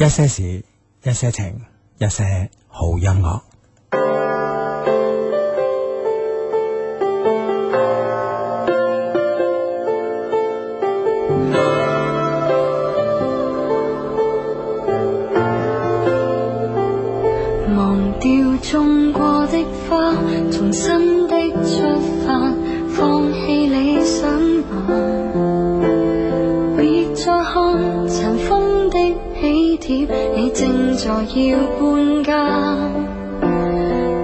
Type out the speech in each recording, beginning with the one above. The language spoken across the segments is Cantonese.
一些事，一些情，一些好音樂。忘掉種過的花，重 新樂。你正在要搬家，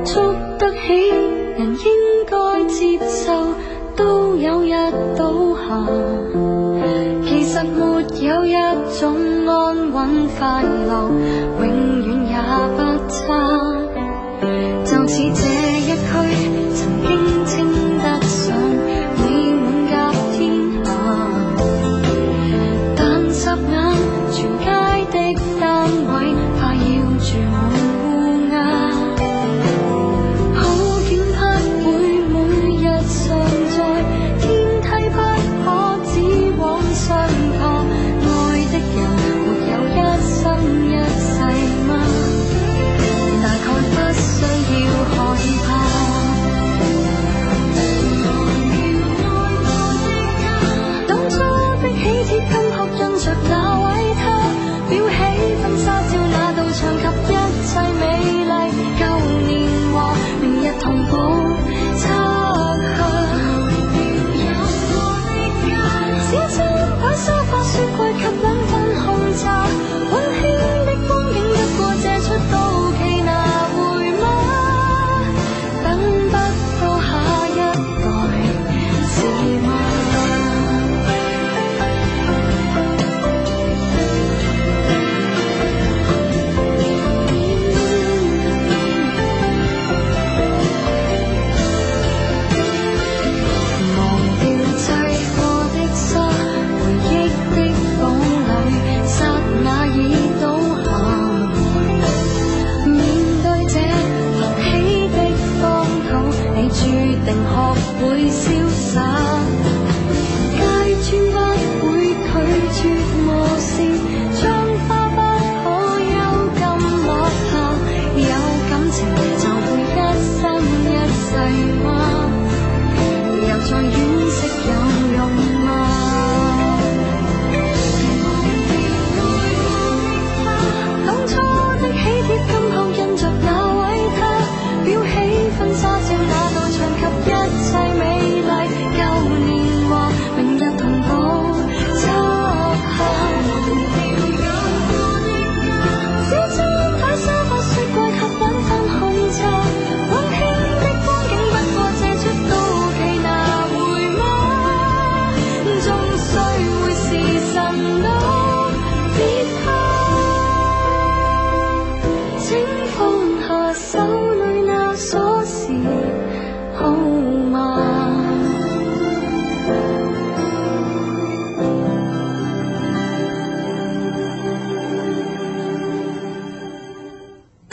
築得起人應該接受，都有日倒下。 其實沒有一種安穩快樂，永遠也不差。就似這一區曾經。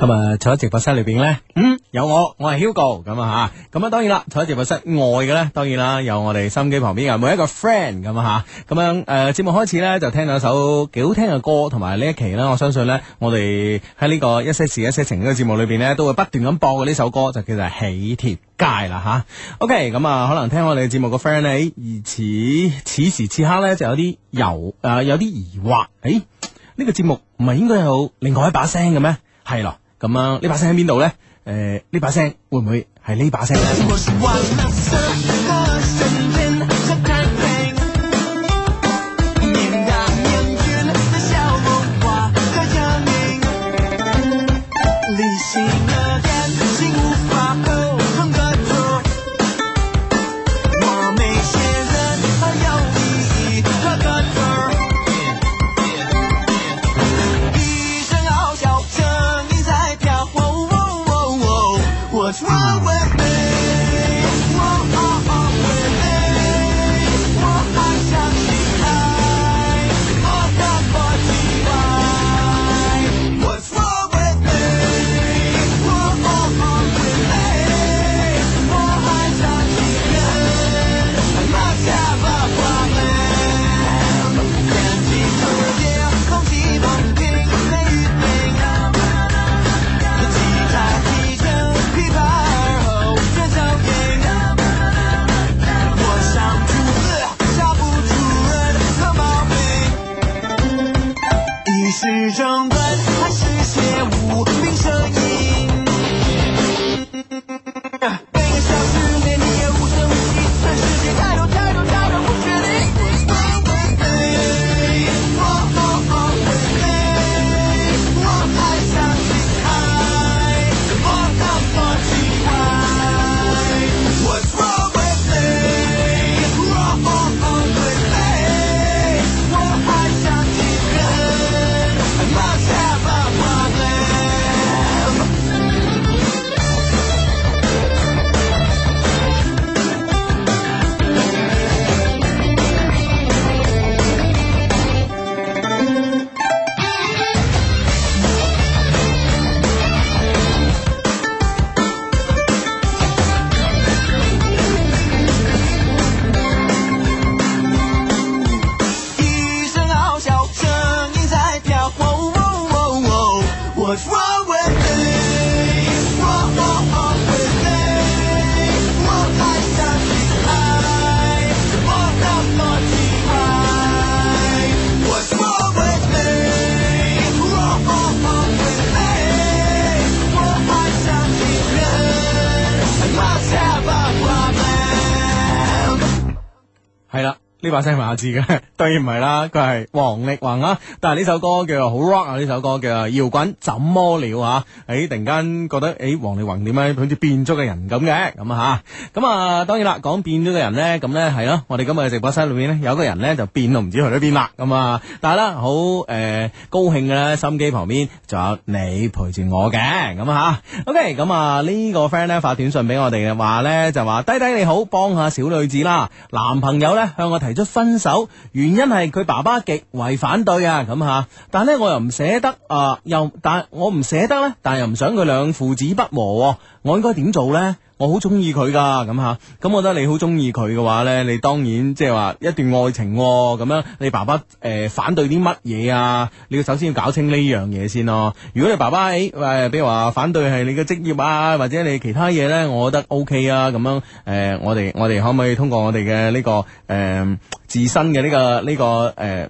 咁啊，坐喺直播室裏邊咧，嗯，有我，我係 Hugo，咁啊吓，咁啊當然啦，坐喺直播室外嘅咧，當然啦，有我哋收音機旁邊嘅每一個 friend，咁啊吓，咁樣誒，節目開始咧就聽到一首幾好聽嘅歌，同埋呢一期呢，我相信呢，我哋喺呢個一些事一些情呢個節目裏邊呢，都會不斷咁播嘅呢首歌，就叫做《喜帖街》啦，吓。OK，咁啊，可能聽我哋節目嘅 friend 咧，而此此時此刻咧就有啲猶誒，有啲疑惑，誒、欸，呢、這個節目唔係應該有另外一把聲嘅咩？係咯。咁啊，把聲呢、呃、呢把聲喺邊度咧？誒，呢把聲會唔會係呢把聲？呢把聲馬字嘅，當 然唔係啦，佢係黃力宏啦，啊。但係呢首歌叫做好 rock 啊！呢首歌叫做搖滾怎麼了啊？誒、哎，突然間覺得誒，王力宏點解好似變咗個人咁嘅？咁啊吓，咁啊當然啦，講變咗個人咧，咁咧係咯，我哋今日嘅直播室裏面咧，有個人咧就變到唔知去咗邊啦。咁啊，但係咧好誒高興嘅咧，心機旁邊仲有你陪住我嘅。咁啊吓，OK，咁啊，這個，呢個 friend 咧發短信俾我哋嘅話咧就話：弟弟你好，幫下小女子啦，男朋友咧向我提。提出分手，原因係佢爸爸極為反對啊，咁吓、呃，但係咧我又唔捨得啊，又但，我唔捨得咧，但係又唔想佢兩父子不和，我應該點做咧？我好中意佢噶，咁吓，咁我覺得你好中意佢嘅話呢，你當然即係話一段愛情咁樣，你爸爸誒、呃、反對啲乜嘢啊？你要首先要搞清呢樣嘢先咯、啊。如果你爸爸誒、欸，比如話反對係你嘅職業啊，或者你其他嘢呢，我覺得 OK 啊，咁樣誒、呃，我哋我哋可唔可以通過我哋嘅呢個誒、呃、自身嘅呢、呢個呢、呢個誒。呃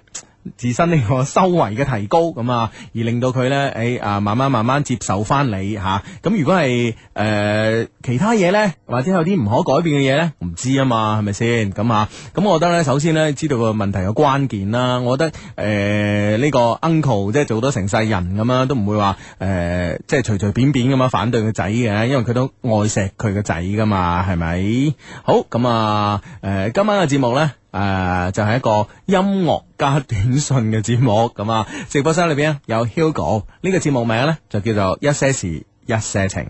自身呢個修為嘅提高咁啊，而令到佢咧，誒、哎、啊，慢慢慢慢接受翻你吓。咁、啊、如果係誒、呃、其他嘢咧，或者有啲唔可改變嘅嘢咧，唔知啊嘛，係咪先？咁啊，咁我覺得咧，首先咧，知道個問題嘅關鍵啦。我覺得誒呢、呃這個 uncle 即係做咗成世人咁啊，都唔會話誒、呃、即係隨隨便便咁樣反對個仔嘅，因為佢都愛錫佢個仔噶嘛，係咪？好咁啊，誒、呃、今晚嘅節目咧。誒、呃，就係、是、一個音樂加短信嘅節目，咁啊，直播室裏邊有 Hugo，呢個節目名咧就叫做一些事一些情。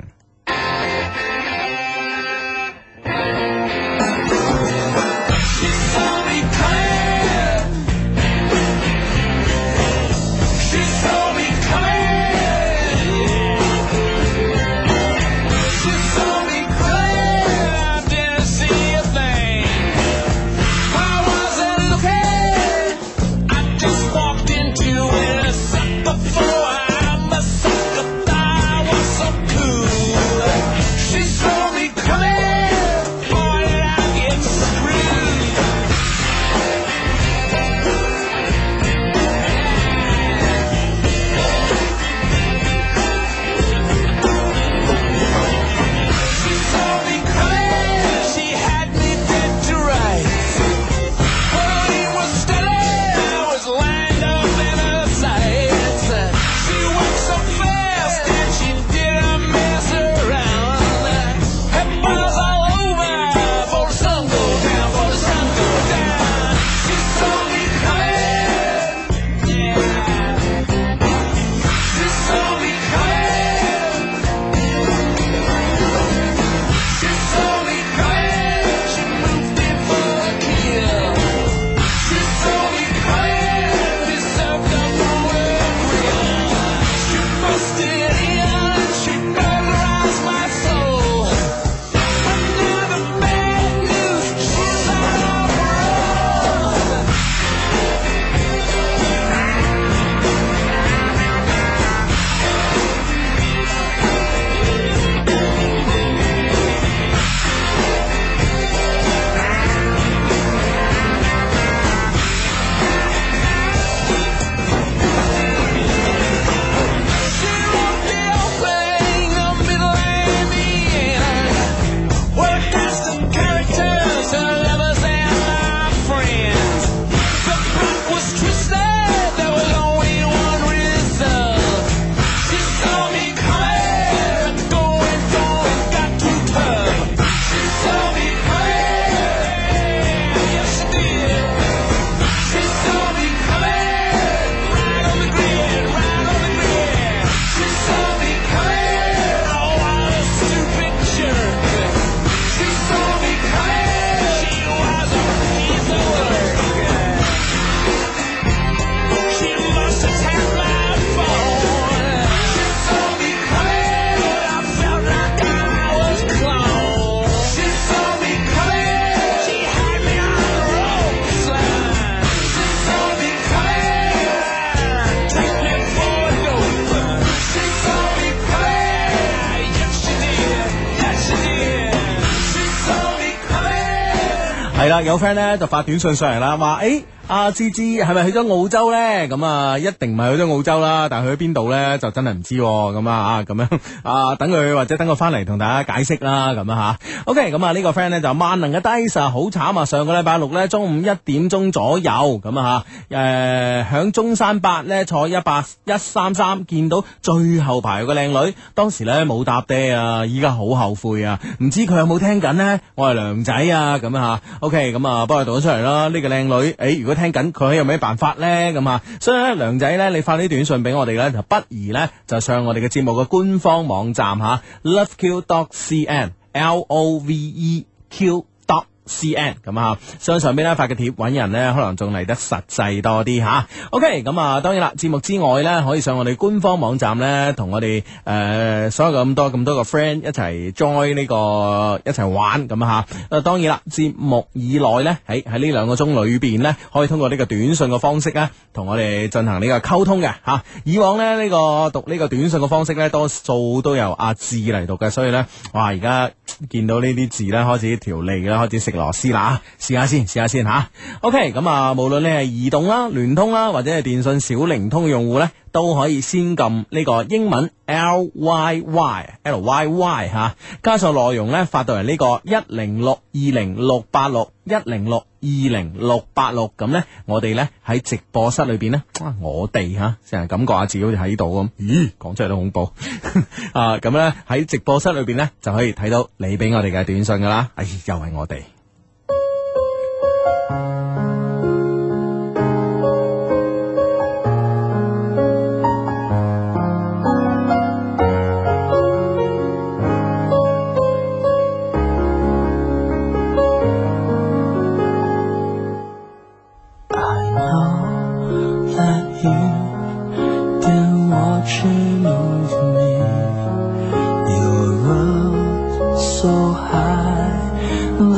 有 friend 咧就發短信上嚟啦，話誒。欸阿芝芝係咪去咗澳洲呢？咁啊，一定唔係去咗澳洲啦，但係去咗邊度呢？就真係唔知咁啊吓，咁樣啊，啊等佢或者等佢翻嚟同大家解釋啦，咁啊吓。OK，咁啊呢、這個 friend 呢，就萬能嘅 Dicer，好、啊、慘啊！上個禮拜六呢，中午一點鐘左右咁啊吓，誒、呃、響中山八呢，坐一八一三三，見到最後排個靚女，當時呢，冇搭爹啊，依家好後悔啊，唔知佢有冇聽緊呢？我係梁仔啊，咁啊吓。OK，咁啊幫佢讀咗出嚟啦，呢、這個靚女，誒、欸、如果。聽緊佢有咩辦法咧？咁啊，所以咧，梁仔咧，你發啲短信俾我哋咧，就不如咧，就上我哋嘅節目嘅官方網站吓，l o v e q d o t c n l o v e q。C N 咁啊，上上邊咧發嘅帖呢，揾人咧可能仲嚟得實際多啲吓。OK，咁啊當然啦，節目之外咧，可以上我哋官方網站咧，同我哋誒、呃、所有咁多咁多個 friend 一齊 join 呢、這個一齊玩咁啊嚇。誒當然啦，節目以內咧喺喺呢兩個鐘裏邊咧，可以通過呢個短信嘅方式咧，同我哋進行呢個溝通嘅吓。以往咧呢、這個讀呢個短信嘅方式咧，多數都由阿志嚟讀嘅，所以咧哇而家見到呢啲字咧開始條脷啦，開始食。羅試啦，試下先，試下先吓。OK，咁啊，無論你係移動啦、聯通啦，或者係電信小靈通用戶呢，都可以先撳呢個英文 LYYLYY 吓、啊，加上內容呢，發到嚟呢個一零六二零六八六一零六二零六八六咁呢，我哋呢喺直播室裏邊呢，我哋吓成日感覺下自己好似喺度咁，咦，講出嚟都恐怖 啊！咁呢，喺直播室裏邊呢，就可以睇到你俾我哋嘅短信噶啦，哎，又係我哋。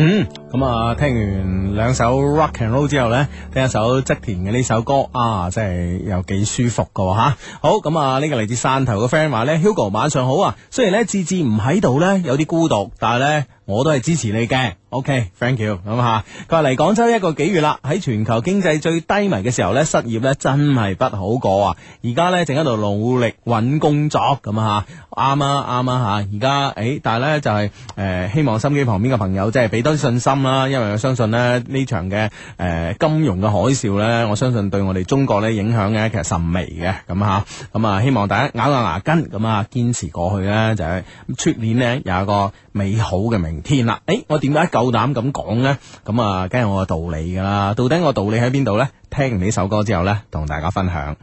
嗯，咁啊，聽完兩首 rock and roll 之後呢，聽一首織田嘅呢首歌啊，真係又幾舒服噶吓、啊。好，咁、嗯、啊，這個、呢個嚟自汕頭嘅 friend 話呢 h u g o 晚上好啊，雖然呢，志志唔喺度呢，有啲孤獨，但係呢。我都係支持你嘅，OK，thank you，咁吓。佢話嚟廣州一個幾月啦，喺全球經濟最低迷嘅時候呢，失業呢真係不好過啊！而家呢，正喺度努力揾工作，咁吓，啱啊，啱啊，吓！而家，誒，但係呢，就係誒，希望心機旁邊嘅朋友即係俾多啲信心啦，因為我相信呢呢場嘅誒金融嘅海嘯呢，我相信對我哋中國呢影響呢其實甚微嘅，咁吓，咁啊，希望大家咬咬牙根，咁啊堅持過去呢，就係，出年呢，有一個美好嘅明天啦！誒、哎，我點解夠膽咁講咧？咁啊，梗係我嘅道理噶啦。到底我道理喺邊度咧？聽完呢首歌之後咧，同大家分享。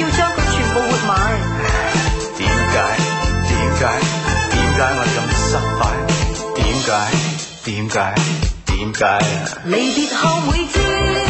要將佢全部活埋。點解？點解？點解我咁失敗？點解？點解？點解啊！離別後每朝。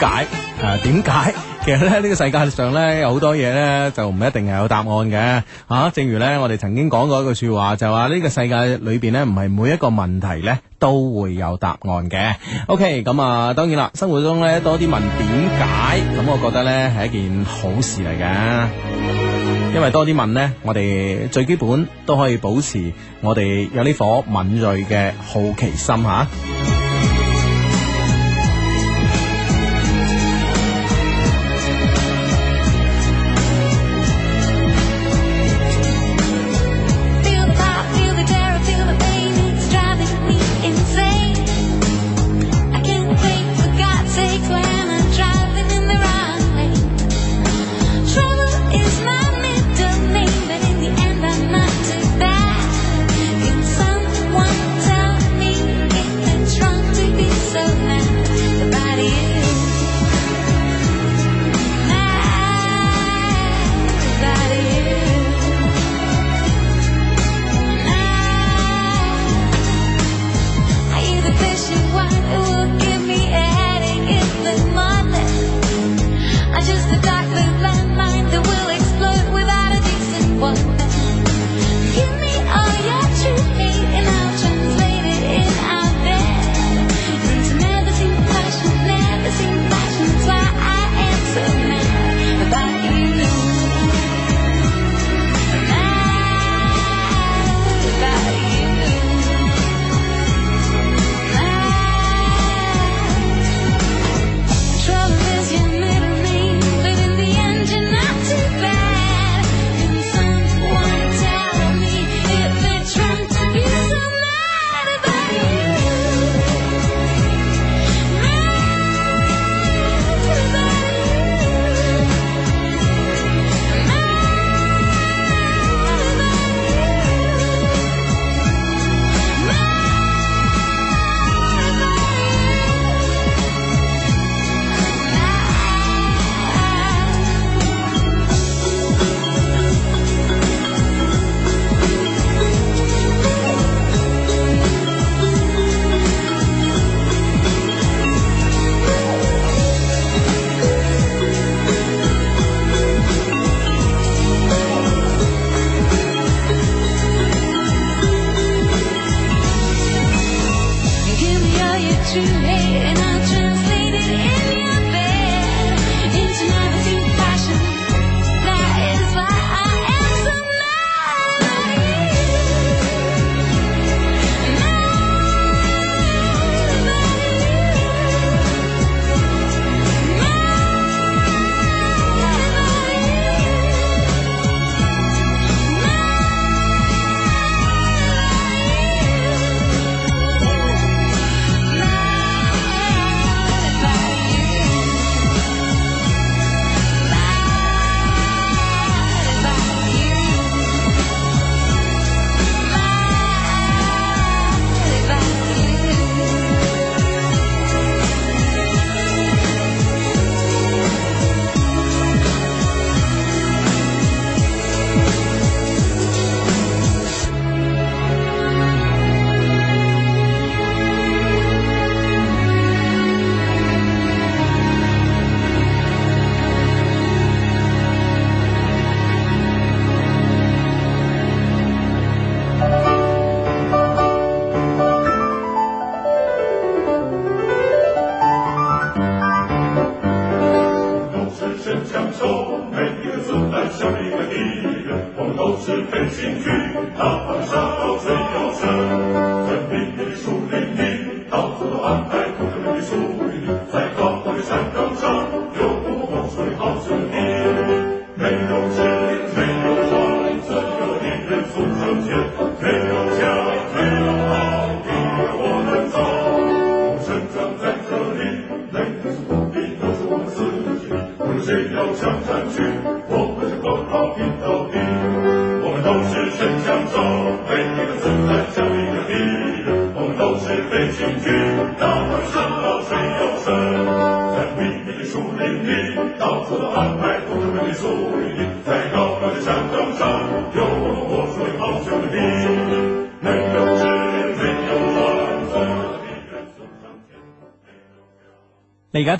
解啊，點解？其實咧，呢、這個世界上咧有好多嘢咧，就唔一定係有答案嘅吓、啊。正如咧，我哋曾經講過一句說話，就話呢個世界裏邊咧，唔係每一個問題咧都會有答案嘅。OK，咁、嗯、啊，當然啦，生活中咧多啲問點解，咁我覺得咧係一件好事嚟嘅，因為多啲問咧，我哋最基本都可以保持我哋有呢顆敏銳嘅好奇心吓。啊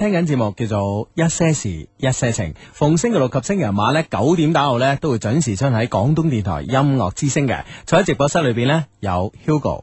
聽緊節目叫做《一些事一些情》，逢星期六及星期日晚咧九點打後咧都會準時出現喺廣東電台音樂之聲嘅，坐喺直播室裏邊咧有 Hugo。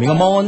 每個 mon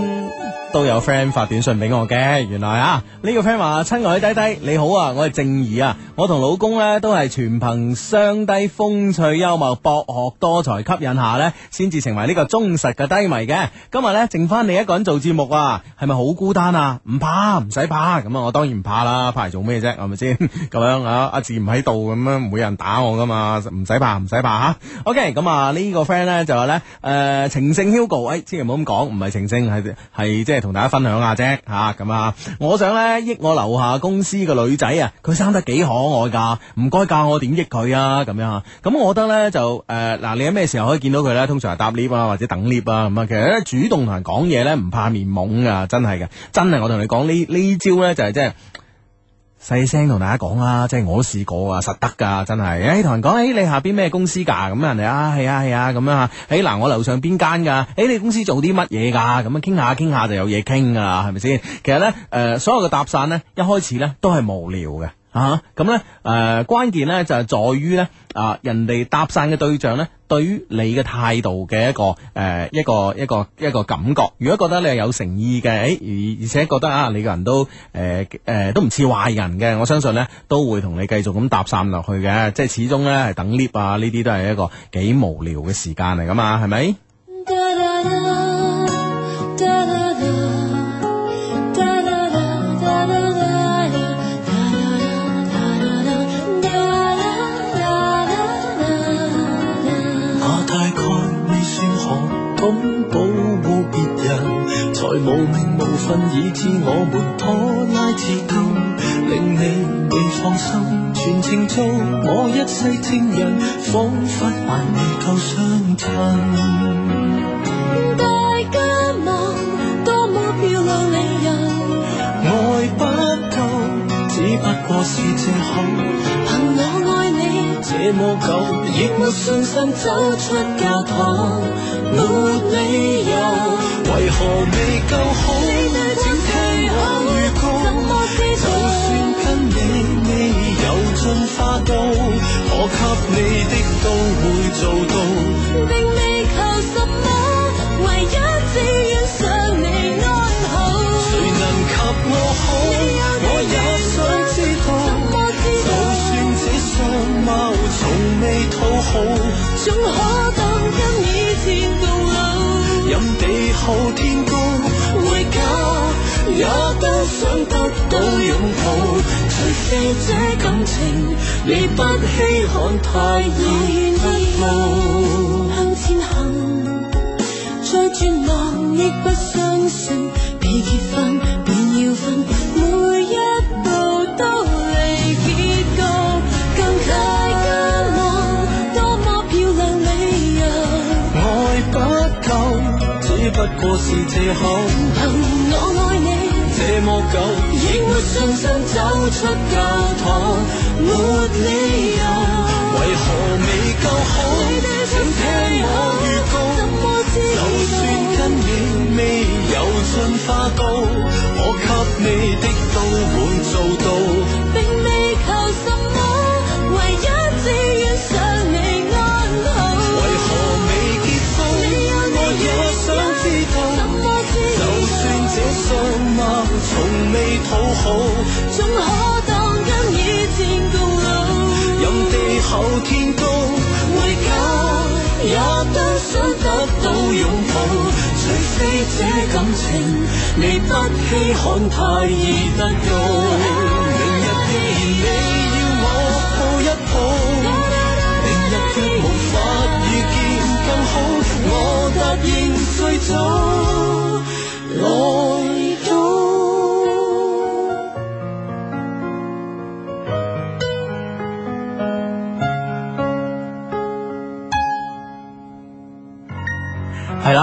都有 friend 發短信俾我嘅，原來啊呢、這個 friend 話：親愛嘅弟弟，你好啊，我係正義啊。我同老公咧都係全憑雙低風趣幽默博學多才吸引下咧，先至成為呢個忠實嘅低迷嘅。今日咧剩翻你一個人做節目啊，係咪好孤單啊？唔怕，唔使怕。咁啊，我當然唔怕啦，怕嚟做咩啫？係咪先咁樣啊？阿志唔喺度，咁樣唔會有人打我噶嘛，唔使怕，唔使怕吓。OK，咁啊呢個 friend 咧就話咧，誒情聖 Hugo，誒千祈唔好咁講，唔係情聖，係係即係同大家分享下啫吓。咁啊，啊，我想咧益我樓下公司嘅女仔啊，佢生得幾好。我噶，唔該教我點益佢啊？咁樣啊。咁，我覺得呢，就誒嗱、呃，你喺咩時候可以見到佢呢？通常係搭 lift 啊，或者等 lift 啊，咁啊。其實咧主動同人講嘢呢，唔怕面懵噶，真係嘅，真係我同你講呢呢招呢，就係即係細聲同大家講啊，即係我都試過啊，實得噶，真係誒。同、欸、人講誒、欸，你下邊咩公司噶？咁人哋啊係啊係啊咁樣吓誒嗱，我樓上邊間噶，誒，你公司做啲乜嘢噶咁啊？傾下傾下就有嘢傾噶啦，係咪先？其實呢，誒、呃，所有嘅搭訕呢，一開始呢，呢始都係無聊嘅。啊，咁咧，誒、呃，關鍵咧就係、是、在於咧，啊，人哋搭訕嘅對象咧，對於你嘅態度嘅一個，誒、呃，一個，一個，一個感覺。如果覺得你係有誠意嘅，誒、哎，而而且覺得啊，你個人都，誒、呃，誒、呃，都唔似壞人嘅，我相信咧，都會同你繼續咁搭訕落去嘅。即係始終咧係等 lift 啊，呢啲都係一個幾無聊嘅時間嚟㗎嘛，係咪？打打打打打打怎保護別人？才無名無份，以致我們拖拉至今，令你未放心。全程做我一世情人，仿佛還未夠相襯。大家問，多麼漂亮理由，愛不夠，只不過是藉口。這麼久，亦沒信心走出教堂，沒理由，為何未夠好？請聽我預告，就算跟你未有盡花都，我給你的都會做到。好好，總可等跟以前共老。任地厚天高，回家也都想得到擁抱。除非這感情你不稀罕，太易老。向前行，再絕望亦不相信，未結婚便要分。不過是借口，憑我愛你這麼久，仍沒信心走出教堂，沒理由，為何未夠好？請聽我預告，就算跟你未有進化到，我給你的都會做到。這感情，你不稀罕，太易得到。明日既然你要我抱一抱，明日卻無法遇見更好。啊，我答應最早。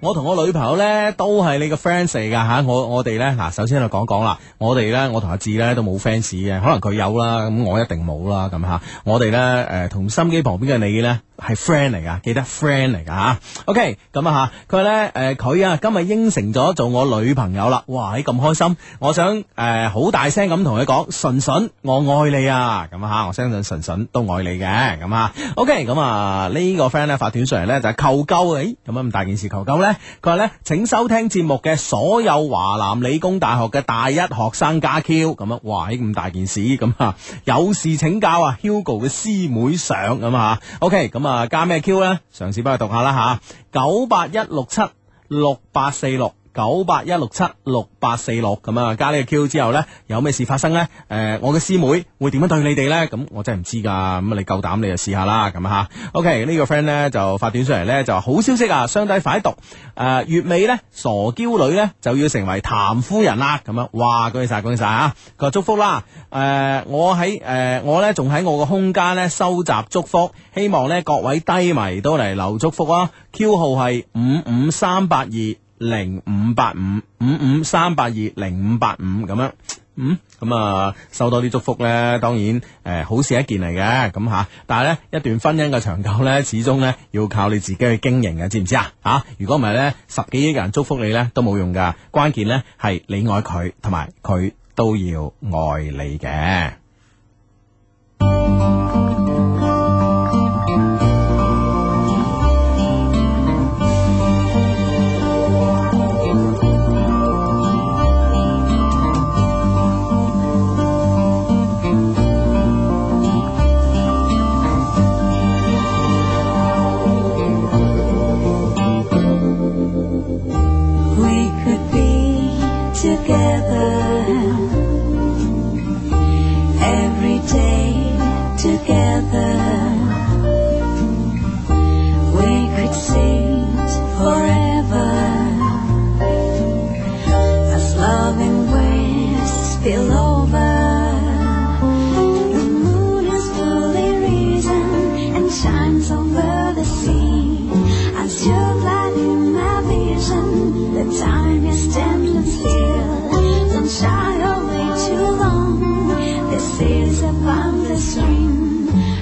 我同我女朋友咧都係你個 friend 嚟噶吓，我我哋咧嗱，首先就講講啦，我哋咧我同阿志咧都冇 fans 嘅，可能佢有啦，咁我一定冇啦，咁、啊、吓，我哋咧誒同心機旁邊嘅你咧係 friend 嚟噶，記得 friend 嚟噶吓。OK，咁、嗯、啊吓，佢話咧誒佢啊今日應承咗做我女朋友啦，哇你咁、哎、開心，我想誒好、呃、大聲咁同佢講，純純我愛你啊，咁啊吓，我相信純純都愛你嘅，咁啊 OK，咁、嗯、啊、這個、呢個 friend 咧發短信嚟咧就係求救嘅，咁樣咁大件事求救咧。佢話咧，請收聽節目嘅所有華南理工大學嘅大一學生加 Q 咁啊，哇！起咁大件事咁啊，有事請教啊，Hugo 嘅師妹上咁啊，OK，咁啊加咩 Q 咧？嘗試幫佢讀下啦吓，九八一六七六八四六。九八一六七六八四六咁啊，加呢個 Q 之後呢，有咩事發生呢？誒、呃，我嘅師妹會點樣對你哋呢？咁我真係唔知噶，咁你夠膽你就試下啦，咁吓。OK，呢個 friend 呢，就發短信嚟呢，就好消息啊，雙低快讀。誒、呃，月尾呢，傻嬌女呢，就要成為譚夫人啦。咁啊，哇！恭喜晒、啊，恭喜晒啊！佢話祝福啦、啊。誒、呃，我喺誒、呃，我呢，仲喺我個空間呢，收集祝福，希望呢各位低迷都嚟留祝福啊。Q 號係五五三八二。零五八五五五三八二零五八五咁樣，嗯，咁啊，收多啲祝福呢，當然，誒、呃，好事一件嚟嘅，咁吓、啊，但係呢一段婚姻嘅長久呢，始終呢要靠你自己去經營嘅，知唔知啊？吓、啊，如果唔係呢，十幾億人祝福你呢都冇用㗎，關鍵呢係你愛佢，同埋佢都要愛你嘅。嗯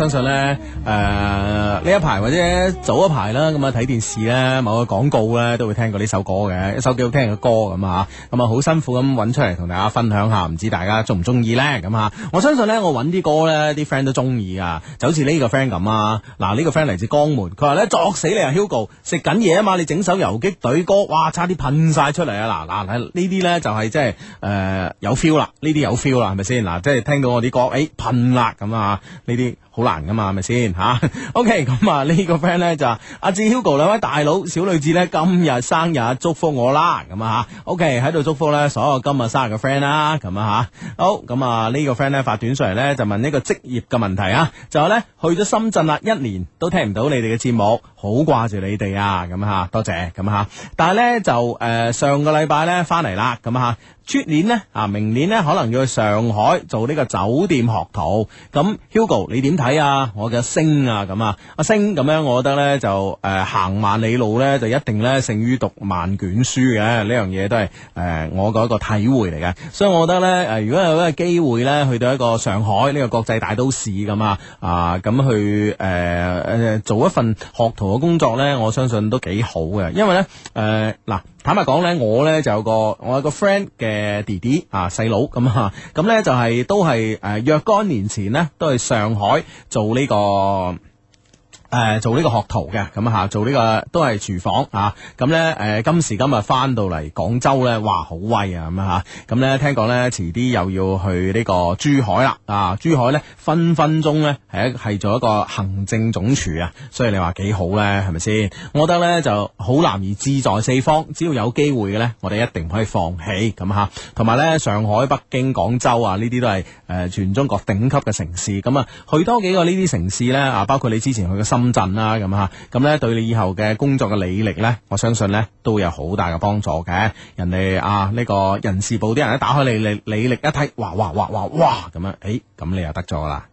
相信呢，誒、呃、呢一排或者早一排啦，咁啊睇電視咧，某個廣告呢，都會聽過呢首歌嘅，一首幾好聽嘅歌咁啊，咁啊、嗯、好辛苦咁揾出嚟同大家分享下，唔知大家中唔中意呢？咁啊，我相信呢，我揾啲歌呢，啲 friend 都中意啊，就好似呢個 friend 咁啊，嗱、這、呢個 friend 嚟自江門，佢話呢，作死你啊，Hugo，食緊嘢啊嘛，你整首遊擊隊歌，哇，差啲噴晒出嚟啊！嗱嗱，呢啲呢，就係即係誒有 feel 啦，呢啲有 feel 啦，係咪先？嗱，即係聽到我啲歌，誒、哎、噴啦咁啊，呢啲。好難噶嘛，係咪先吓？OK，咁啊呢個 friend 咧就話阿志 Hugo 兩位大佬小女子咧今日生日，祝福我啦，咁啊吓，OK 喺度祝福咧所有今日生日嘅 friend 啦，咁啊吓，好，咁啊、這個、呢個 friend 咧發短信嚟咧就問呢個職業嘅問題啊，就係咧去咗深圳啦，一年都聽唔到你哋嘅節目，好掛住你哋啊，咁啊吓，多謝，咁啊吓，但係咧就誒、呃、上個禮拜咧翻嚟啦，咁啊吓。出年呢，啊，明年呢，可能要去上海做呢個酒店學徒。咁 Hugo，你點睇啊？我嘅星啊，咁啊，阿、啊、星咁咧、啊，我覺得呢，就誒、呃、行萬里路呢，就一定呢，勝於讀萬卷書嘅。呢樣嘢都係誒、呃、我嘅一個體會嚟嘅。所以我覺得呢，誒、呃，如果有呢個機會呢，去到一個上海呢、這個國際大都市咁啊，啊，咁去誒誒、呃、做一份學徒嘅工作呢，我相信都幾好嘅。因為呢，誒、呃、嗱。坦白講咧，我咧就有個我有個 friend 嘅弟弟啊細佬咁啊，咁咧就係都係誒、若干年前咧都係上海做呢個誒、呃，做呢個學徒嘅，咁、嗯、吓，做呢、這個都係廚房啊，咁、嗯、呢，誒、嗯，今時今日翻到嚟廣州呢，哇，好威啊，咁啊吓，咁咧聽講咧，遲啲又要去呢個珠海啦，啊，珠海呢，分分鐘呢係一係做一個行政總廚啊，所以你話幾好呢，係咪先？我覺得呢就好難以志在四方，只要有機會嘅呢，我哋一定唔可以放棄，咁、嗯、啊吓，同埋呢上海、北京、廣州啊呢啲都係誒、呃、全中國頂級嘅城市，咁啊去多幾個呢啲城市呢，啊，包括你之前去嘅深。深圳啦咁吓，咁咧對你以後嘅工作嘅履歷咧，我相信咧都有好大嘅幫助嘅。人哋啊呢、這個人事部啲人咧，打開你履履歷一睇，哇哇哇哇哇咁樣，誒、欸，咁你又得咗啦。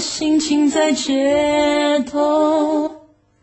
心情在街頭。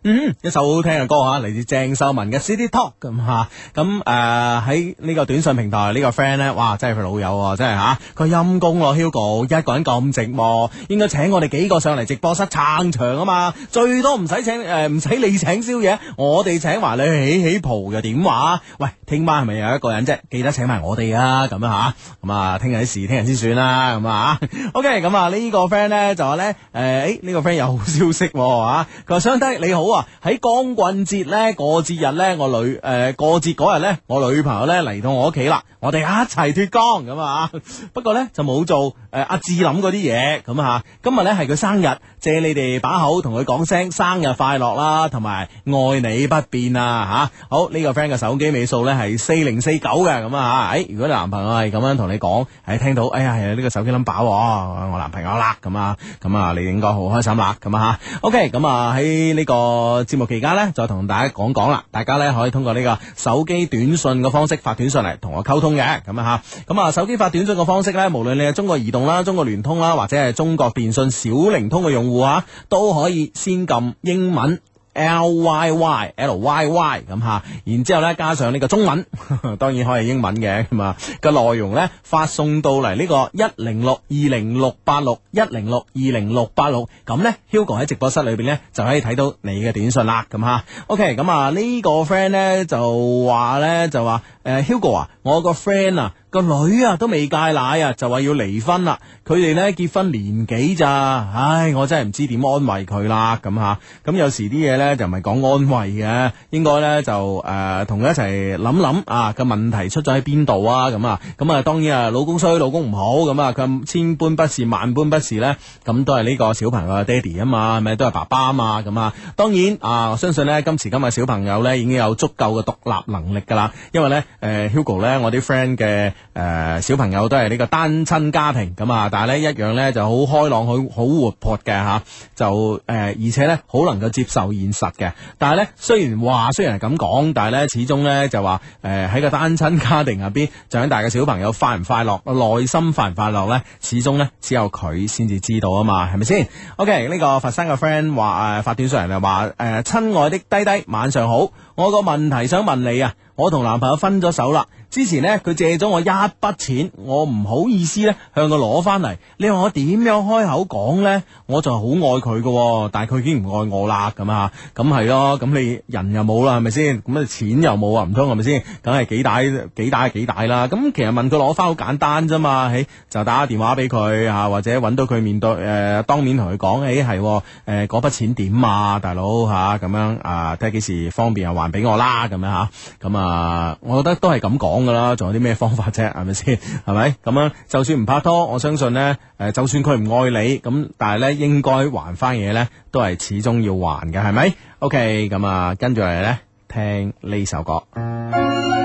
嗯，一首好聽嘅歌吓，嚟自鄭秀文嘅 City Talk 咁、嗯、吓，咁誒喺呢個短信平台呢、這個 friend 咧，哇真係佢老友真啊真係吓，佢陰公咯 Hugo，一個人咁寂寞，應該請我哋幾個上嚟直播室撐場啊嘛，最多唔使請誒唔使你請宵夜，我哋請埋你去起起蒲又點話？喂，聽晚係咪有一個人啫？記得請埋我哋啊，咁啊吓，咁啊聽日啲事聽日先算啦，咁啊吓。OK，咁、嗯、啊呢、這個 friend 咧就話咧誒，誒、欸、呢、這個 friend 有好消息吓，佢話雙得你好。啊。喺光、啊、棍節咧過節日咧，我女誒、呃、過節嗰日咧，我女朋友咧嚟到我屋企啦，我哋一齊脫光咁啊！不過咧就冇做誒阿志諗嗰啲嘢咁啊！今日咧係佢生日，借你哋把口同佢講聲生日快樂啦，同埋愛你不變啊！吓、啊，好、這個、呢個 friend 嘅手機尾數咧係四零四九嘅咁啊！誒、哎，如果你男朋友係咁樣同你講，係聽到哎呀，係、這、呢個手機冧把，我男朋友啦，咁啊，咁啊，你應該好開心啦、啊，咁啊吓，ok，咁啊喺呢、這個，個節目期間呢，就同大家講講啦。大家呢，可以通過呢個手機短信嘅方式發短信嚟同我溝通嘅。咁啊，咁啊手機發短信嘅方式呢，無論你係中國移動啦、中國聯通啦，或者係中國電信小靈通嘅用戶啊，都可以先撳英文。L Y Y L Y Y 咁哈，然之後咧加上呢個中文呵呵，當然可以英文嘅咁啊，個內容咧發送到嚟呢個一零六二零六八六一零六二零六八六，咁咧 Hugo 喺直播室裏邊咧就可以睇到你嘅短信啦，咁哈，OK，咁啊、這個、呢個 friend 咧就話咧就話，誒、呃、Hugo 啊，我個 friend 啊。個女啊都未戒奶啊，就話要離婚啦。佢哋呢結婚年幾咋？唉，我真係唔知點安慰佢啦。咁吓、啊，咁有時啲嘢呢，就唔係講安慰嘅，應該呢，就誒同佢一齊諗諗啊個問題出咗喺邊度啊？咁啊，咁啊，當然啊老公衰，老公唔好咁啊，佢千般不是萬般不是呢。咁都係呢個小朋友爹哋啊嘛，咪都係爸爸啊嘛，咁啊，當然啊我相信呢，今時今日小朋友呢，已經有足夠嘅獨立能力噶啦，因為呢誒、呃、Hugo 呢，我啲 friend 嘅。誒、呃，小朋友都係呢個單親家庭咁啊，但係咧一樣呢就好開朗、好好活潑嘅吓、啊,就誒、呃,而且呢好能夠接受現實嘅。但係呢，雖然話，雖然係咁講，但係呢始終呢就話，誒、呃、喺個單親家庭入邊長大嘅小朋友快唔快樂、內心快唔快樂呢，始終呢只有佢先至知道啊嘛，係咪先？OK，呢個佛山嘅 friend 話誒，發、呃、短信嚟話誒，親愛的低低，晚上好，我個問題想問你啊。我同男朋友分咗手啦。之前呢，佢借咗我一筆錢，我唔好意思呢，向佢攞翻嚟。你話我點樣開口講呢？我就好愛佢嘅、哦，但係佢已經唔愛我啦，咁啊，咁係咯。咁你人又冇啦，係咪先？咁你錢又冇啊，唔通係咪先？梗係幾大幾大幾大啦。咁其實問佢攞翻好簡單啫嘛，就打個電話俾佢吓，或者揾到佢面對誒，當面同佢講，誒係誒嗰筆錢點啊，大佬吓咁樣啊睇下幾時方便又還俾我啦，咁樣吓咁啊。啊，uh, 我覺得都係咁講噶啦，仲有啲咩方法啫？係咪先？係咪咁樣？就算唔拍拖，我相信呢，誒、呃，就算佢唔愛你，咁但係呢，應該還返嘢呢，都係始終要還嘅，係咪？OK，咁啊，跟住嚟呢，聽呢首歌。嗯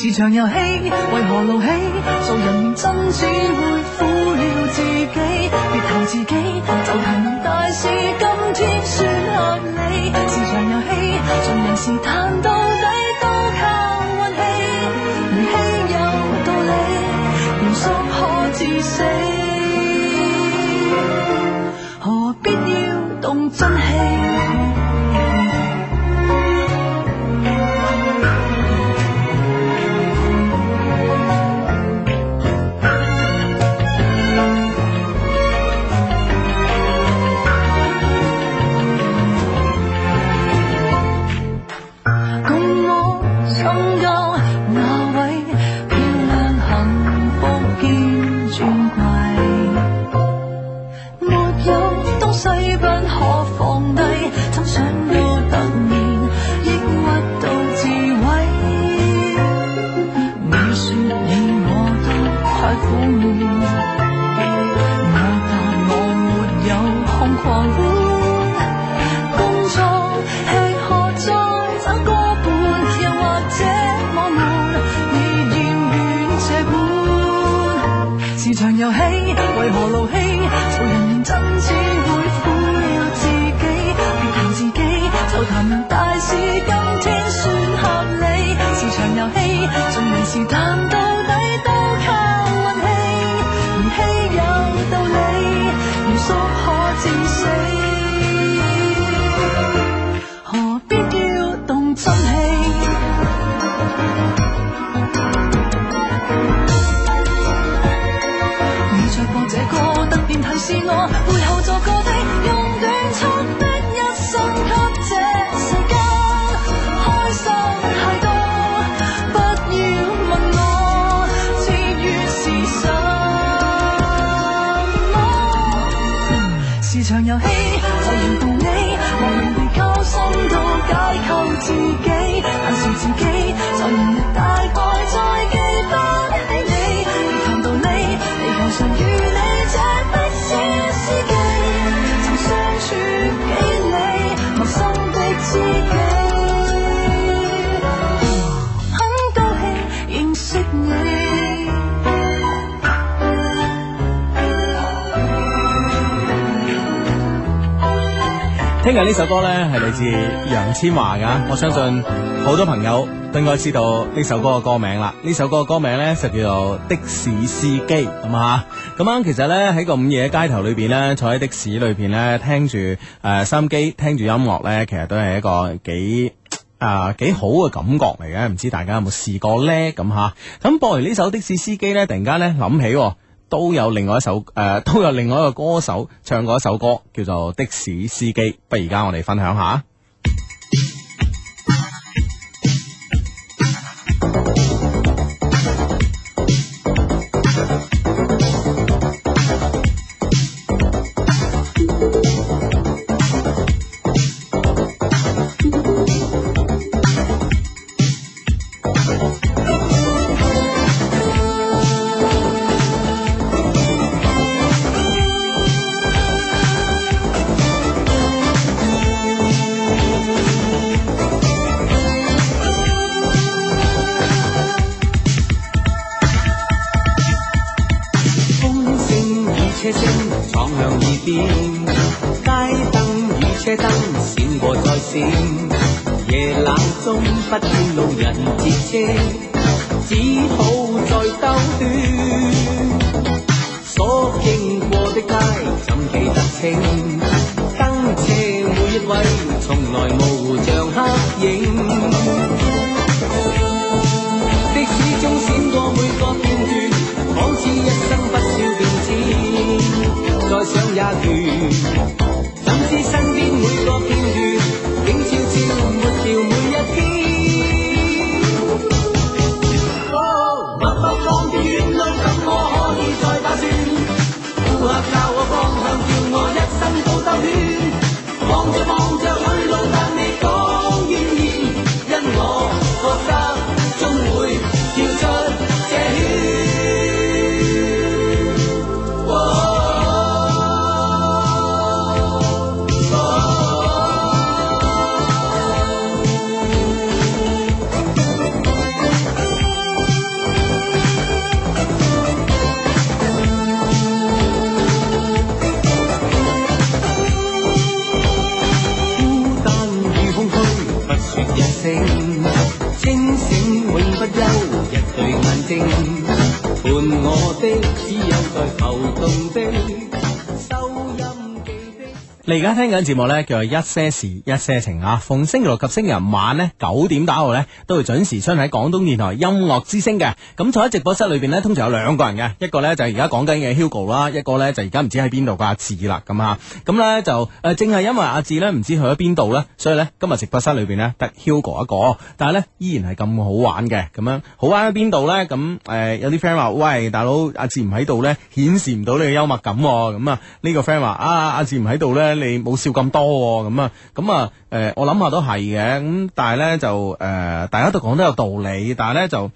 市場遊戲，為何勞氣？做人認真只會苦了自己，別投自己。就憑能大事，今天算合理。市場遊戲，盡人事，但到底都靠運氣。兒戲有道理，嚴肅可致死，何必要動真氣？時場遊戲，為何勞氣？做人認真只會苦了自己，別談自己，就談大事，今天算合理。時場遊戲，盡人事，但。聽日呢首歌呢，係嚟自楊千嬅噶，我相信好多朋友都應該知道呢首歌嘅歌名啦。呢首歌嘅歌名呢，就叫做《的士司機》咁啊。咁啊，其實呢，喺個午夜街頭裏邊呢，坐喺的士裏邊呢，聽住誒收音機，聽住音樂呢，其實都係一個幾啊幾好嘅感覺嚟嘅。唔知大家有冇試過呢？咁吓咁播完呢首《的士司機》呢，突然間呢，諗起。都有另外一首，誒、呃、都有另外一個歌手唱過一首歌，叫做《的士司機》，不如而家我哋分享下。而家聽緊節目呢，叫做一些事一些情啊！逢星期六及星期日晚呢，九點打號呢，都會準時出現喺廣東電台音樂之聲嘅。咁坐喺直播室裏邊呢，通常有兩個人嘅，一個呢，就係而家講緊嘅 Hugo 啦，一個呢，就而家唔知喺邊度嘅阿志啦。咁啊，咁呢，就誒，正係因為阿志呢，唔知去咗邊度呢。所以呢，今日直播室裏邊呢，得 Hugo 一個，但係呢，依然係咁好玩嘅。咁樣好玩喺邊度呢？咁誒，有啲 friend 話：喂，大佬阿志唔喺度呢，顯示唔到你嘅幽默感。咁啊，呢個 friend 話：啊，阿志唔喺度呢，你。冇笑咁多咁啊，咁啊，誒，我諗下都係嘅，咁但係咧就誒，大家都講得有道理，但係咧就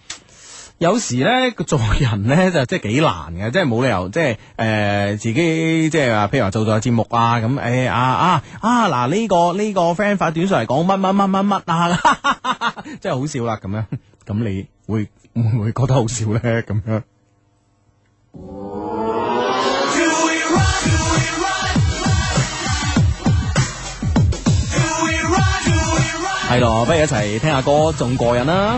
有時咧個做人咧就即係幾難嘅，即係冇理由即係誒自己即係話譬如話做咗節目啊咁，誒啊啊啊嗱呢個呢個 friend 發短信嚟講乜乜乜乜乜啊，即係好笑啦咁樣，咁你會會唔會覺得好笑咧咁樣？係咯，不如一齊聽下歌，仲過癮啦！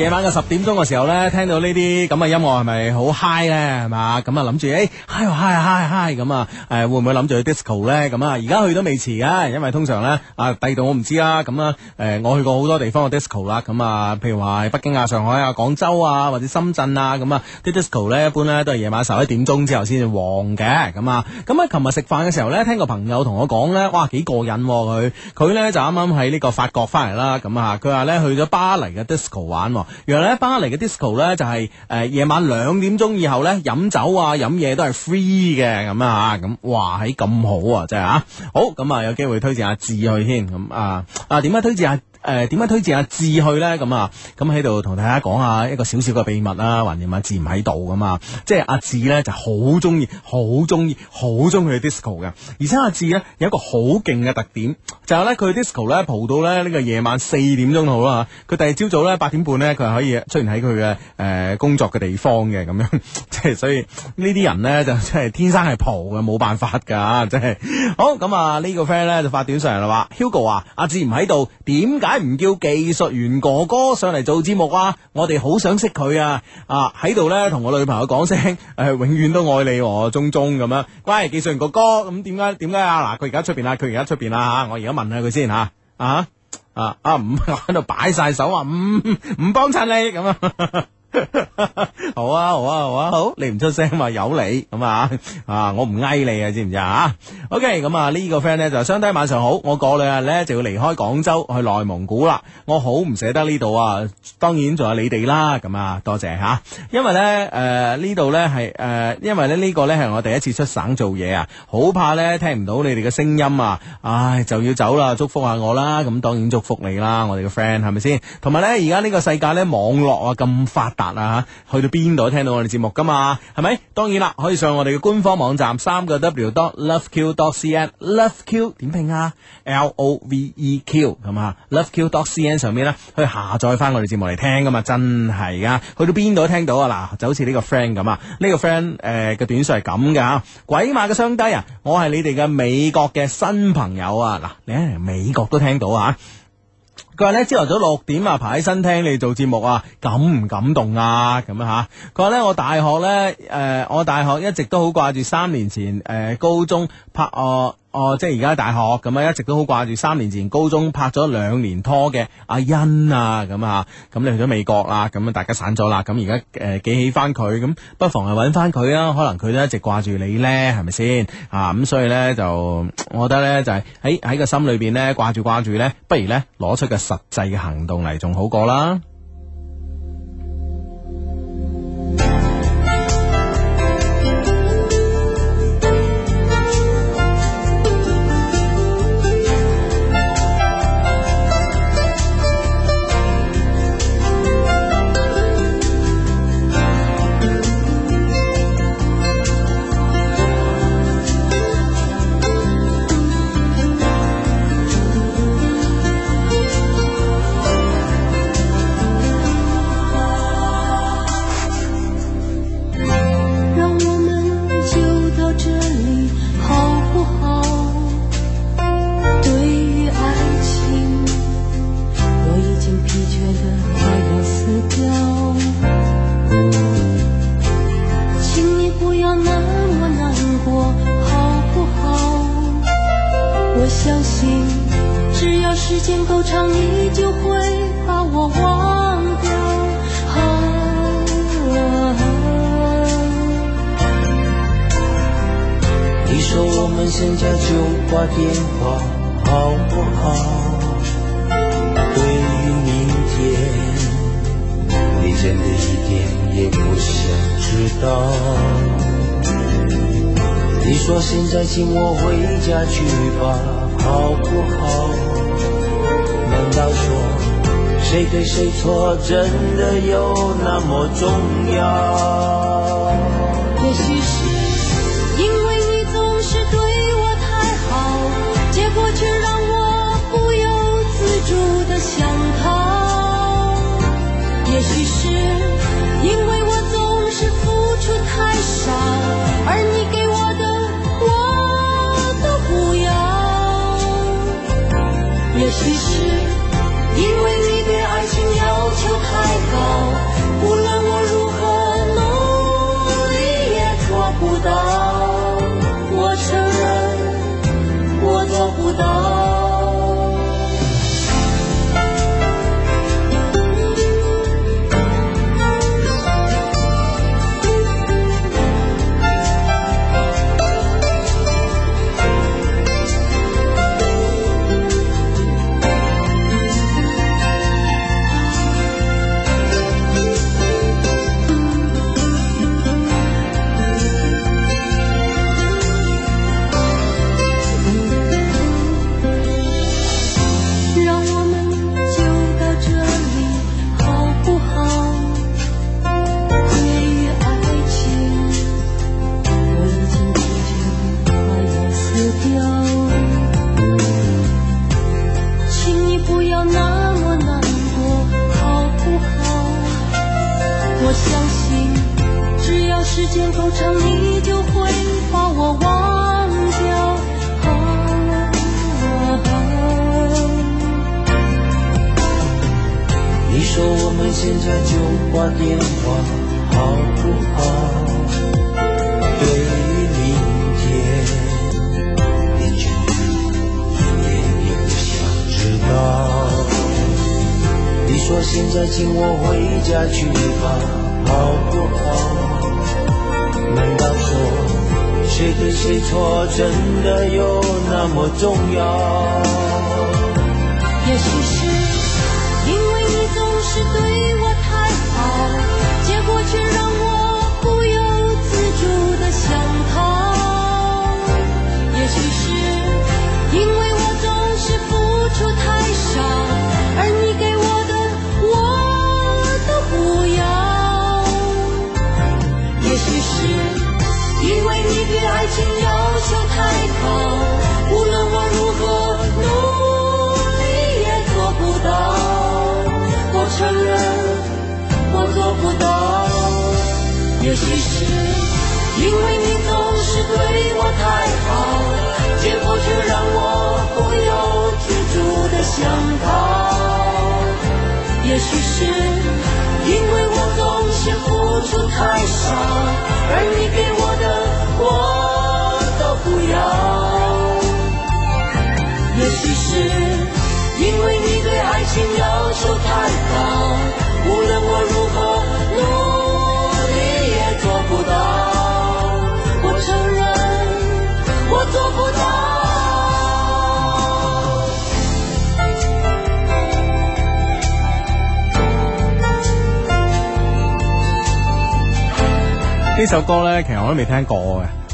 夜晚嘅十點鐘嘅時候咧，聽到呢啲咁嘅音樂，係咪好 high 咧？係嘛？咁、欸、啊，諗住誒。hi hi hi hi 咁啊，誒、哎哎哎、會唔會諗住去 disco 呢？咁啊，而家去都未遲啊，因為通常呢，啊，第二度我唔知啦。咁啊，誒、呃、我去過好多地方嘅 disco 啦。咁啊，譬如話喺北京啊、上海啊、廣州啊或者深圳啊咁啊，啲 disco 呢一般呢都係夜晚十一點鐘之後先至旺嘅。咁啊，咁啊，琴日食飯嘅時候呢，聽個朋友同我講呢，哇幾過癮，佢佢呢就啱啱喺呢個法國翻嚟啦。咁啊，佢話呢去咗巴黎嘅 disco 玩，啊，原來呢，巴黎嘅 disco 呢就係誒夜晚兩點鐘以後呢，飲酒啊飲嘢都係。V 嘅咁啊，咁哇喺咁好啊，真係吓、啊，好咁啊，有機會推薦阿志去軒，咁啊，啊點解推薦啊？誒，點、呃、樣推薦阿志去咧？咁啊，咁喺度同大家講下一個小小嘅秘密啦、啊。橫掂阿志唔喺度咁啊，即係阿志咧就好中意，好中意，好中意去 disco 嘅。而且阿志咧有一個好勁嘅特點，就係、是、咧佢 disco 咧蒲到咧呢、這個夜晚四點鐘度啦。佢第二朝早咧八點半咧，佢係可以出現喺佢嘅誒工作嘅地方嘅咁樣。即係所以呢啲人咧就真係天生係蒲嘅，冇辦法噶，即係。好咁啊，這個、呢個 friend 咧就發短訊嚟啦，話 Hugo 啊，阿志唔喺度，點解？點解唔叫技術員哥哥上嚟做節目啊！我哋好想識佢啊！啊喺度咧同我女朋友講聲，誒永遠都愛你哦，中中咁樣。關係，技術員哥哥，咁點解點解啊？嗱，佢而家出邊啦，佢而家出邊啦吓，我而家問下佢先吓，啊啊唔喺度擺晒手啊，唔唔幫襯你咁啊！ 好啊好啊好啊好，啊好啊！你唔出聲嘛，有你咁啊啊！我唔翳你啊，知唔知啊？OK，咁啊呢、這個 friend 呢，就相睇晚上好。我過兩日呢，就要離開廣州去內蒙古啦。我好唔捨得呢度啊！當然仲有你哋啦。咁啊多謝吓、啊，因為咧誒呢度呢，係、呃、誒、呃，因為咧呢、這個呢，係我第一次出省做嘢啊，好怕呢，聽唔到你哋嘅聲音啊！唉、哎，就要走啦，祝福下我啦。咁當然祝福你啦，我哋嘅 friend 係咪先？同埋呢，而家呢個世界呢，網絡啊咁發。啦去到邊度都聽到我哋節目噶嘛，係咪？當然啦，可以上我哋嘅官方網站三個 w dot loveq dot cn loveq 點拼啊？L O V E Q 咁啊，loveq dot cn 上面呢，去下載翻我哋節目嚟聽噶嘛，真係噶，去到邊度都聽到啊！嗱，就好似呢個 friend 咁啊，呢個 friend 誒嘅短信係咁嘅，鬼馬嘅雙低啊，我係你哋嘅美國嘅新朋友啊，嗱，連美國都聽到吓。佢話咧，朝頭早六點啊，爬起身聽你做節目啊，感唔感動啊？咁啊吓，佢話咧，我大學咧誒、呃，我大學一直都好掛住三年前誒、呃、高中拍我。哦，即係而家大學咁啊，一直都好掛住三年前高中拍咗兩年拖嘅阿欣啊，咁啊，咁你去咗美國啦，咁啊，大家散咗啦，咁而家誒記起翻佢，咁不妨係搵翻佢啊，可能佢都一直掛住你咧，係咪先啊？咁所以咧，就我覺得咧就係喺喺個心裏邊咧掛住掛住咧，不如咧攞出個實際嘅行動嚟，仲好過啦。請我回家去吧，好不好？難道說誰對誰錯，真的有？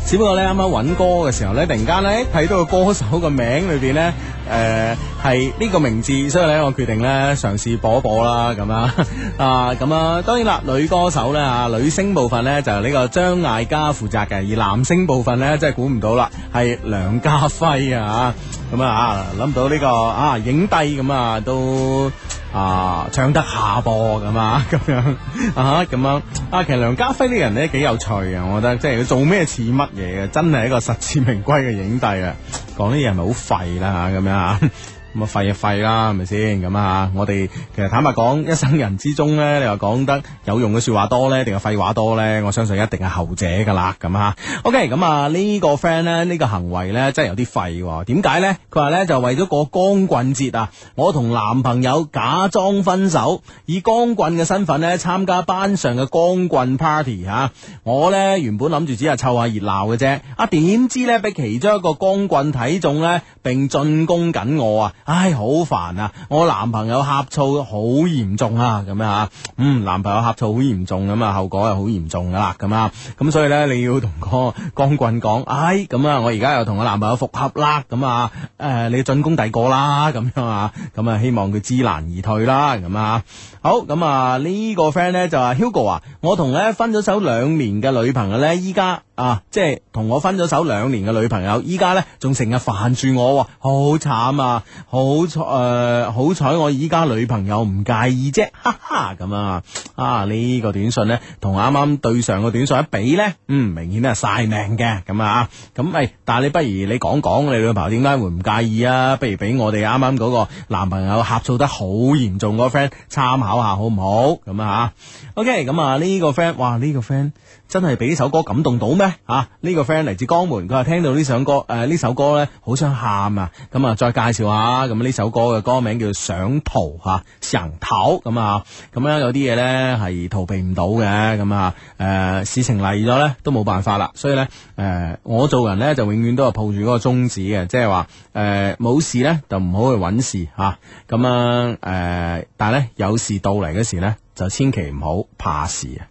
只不過咧，啱啱搵歌嘅時候咧，突然間咧睇到個歌手個名裏邊咧，誒，係呢個名字，所以咧我決定咧嘗試播一播啦，咁啊，咁啊，啊，當然啦，女歌手咧啊，女聲部分咧就係呢個張艾嘉負責嘅，而男聲部分咧真係估唔到啦，係梁家輝啊，咁啊啊，諗唔到呢個啊影帝咁啊，都啊唱得下播，咁啊，咁樣啊咁樣啊。啊，其實梁家輝呢個人咧幾有趣啊。我覺得，即係佢做咩似乜嘢啊？真係一個實至名歸嘅影帝啊！講啲嘢係咪好廢啦嚇咁樣啊？咁啊廢啊廢啦，係咪先咁啊我哋。其實坦白講，一生人之中呢，你話講得有用嘅說話多呢，定係廢話多呢？我相信一定係後者噶啦，咁吓 OK，咁啊呢個 friend 呢，呢個行為呢，真係有啲廢喎。點解呢？佢話呢，就為咗過光棍節啊，我同男朋友假裝分手，以光棍嘅身份呢，參加班上嘅光棍 party 吓啊。我呢，原本諗住只係湊下熱鬧嘅啫，啊點知呢，俾其中一個光棍睇中呢，並進攻緊我啊！唉，好煩啊！我男朋友呷醋。好嚴重啊！咁啊，嗯，男朋友呷醋好嚴重咁啊，後果又好嚴重啦，咁啊，咁、啊、所以咧，你要同個光棍講，哎，咁啊，我而家又同我男朋友復合啦，咁啊，誒你進攻第二個啦，咁樣啊，咁、呃、啊，啊，啊，希望佢知難而退啦、啊，咁啊，好，咁啊，這個、呢個 friend 咧就話 Hugo 啊，我同咧分咗手兩年嘅女朋友咧，依家啊，即係同我分咗手兩年嘅女朋友，依家咧仲成日煩住我，好慘啊，好彩誒、啊，好彩、呃、我依家女朋友。我唔介意啫，哈哈，咁 啊，啊呢、這個短信呢，同啱啱對上個短信一比呢，嗯，明顯係晒命嘅。咁啊，咁誒、啊，但係你不如你講講你女朋友點解會唔介意啊？不如俾我哋啱啱嗰個男朋友呷醋得好嚴重嗰個 friend 參考下，好唔好？咁啊，O.K. 咁啊，呢個 friend，哇，呢、這個 friend 真係俾呢首歌感動到咩？吓、啊，呢、這個 friend 嚟自江門，佢話聽到呢首歌，誒、呃，呢首歌咧好想喊啊！咁、嗯、啊，再介紹下，咁、嗯、呢首歌嘅歌名叫《想逃》吓，想逃咁啊，咁樣、嗯嗯嗯、有啲嘢咧係逃避唔到嘅，咁、嗯、啊，誒、嗯，事情嚟咗咧都冇辦法啦，所以咧，誒、呃，我做人咧就永遠都係抱住嗰個宗旨嘅，即係話，誒、呃，冇事咧就唔好去揾事吓，咁啊，誒、嗯嗯嗯，但係咧有事到嚟嗰時咧。呢呢呢就千祈唔好怕事啊！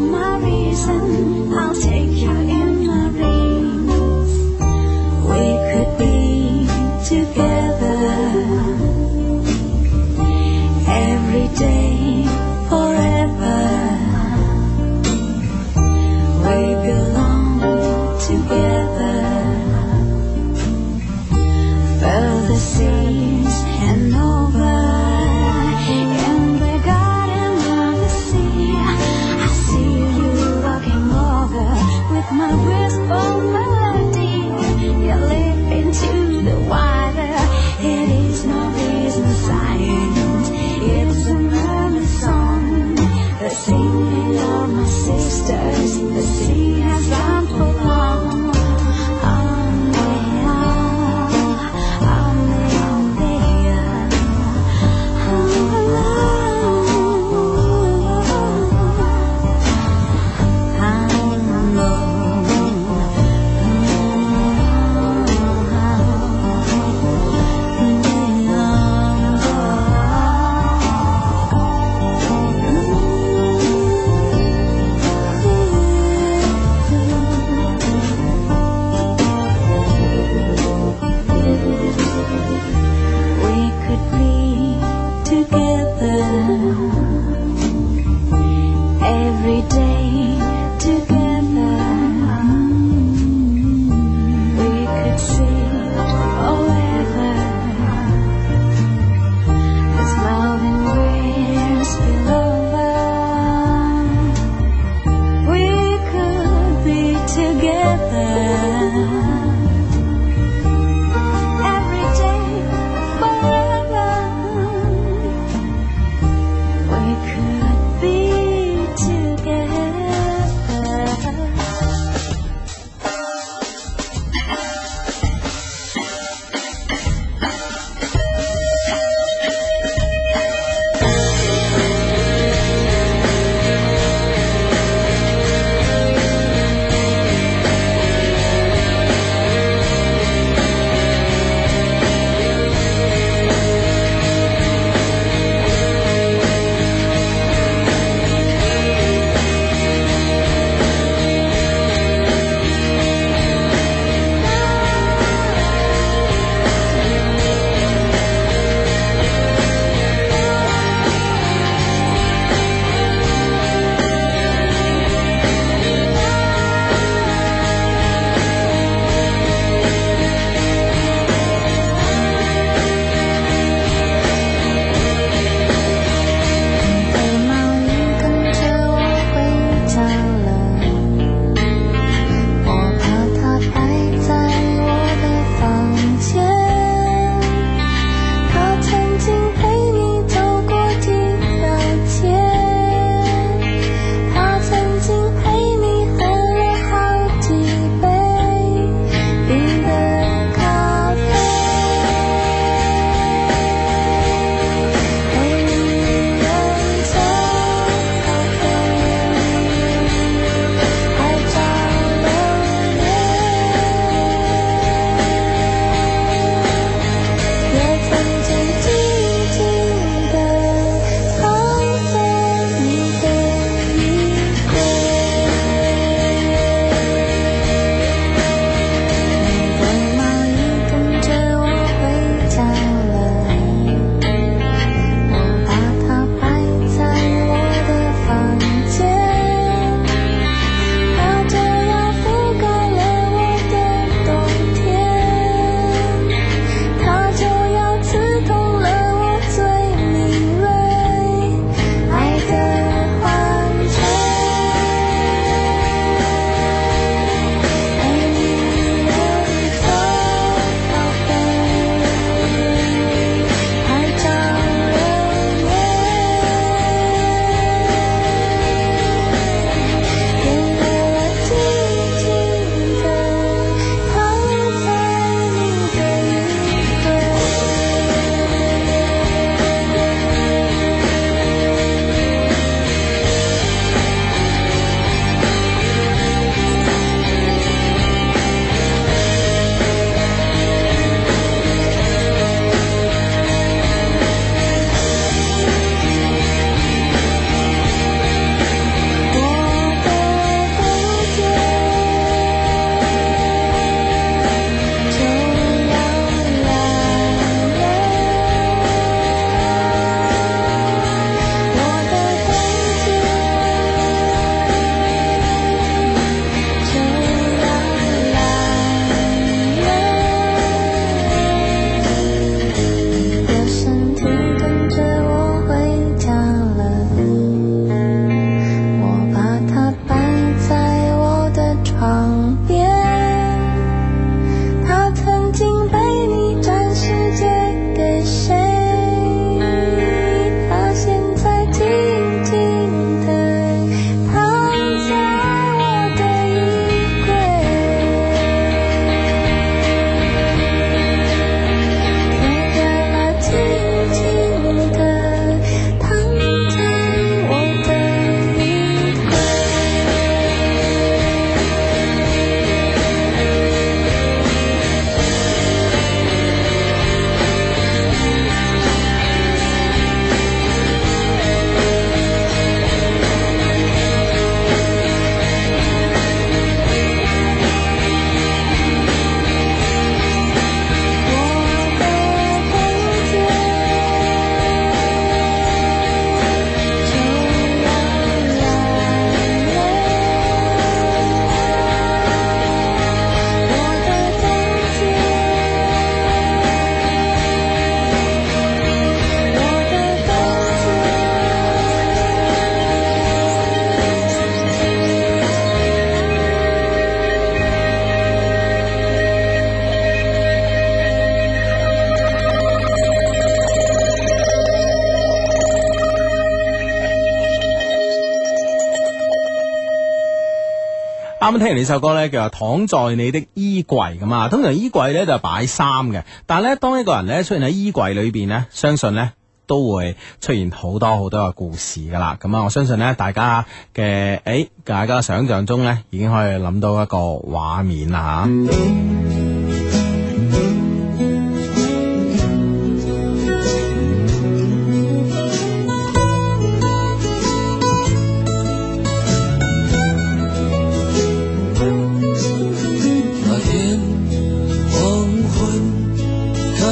咁聽完呢首歌咧，叫做《躺在你的衣櫃》咁啊，通常衣櫃呢就擺衫嘅，但係呢，當一個人呢出現喺衣櫃裏邊呢，相信呢都會出現好多好多嘅故事噶啦。咁啊，我相信呢，大家嘅誒、哎，大家想象中呢已經可以諗到一個畫面啦。嗯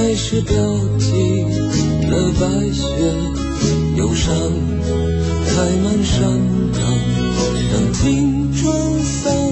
開始飄起了白雪，憂傷開滿山崗，讓青春散。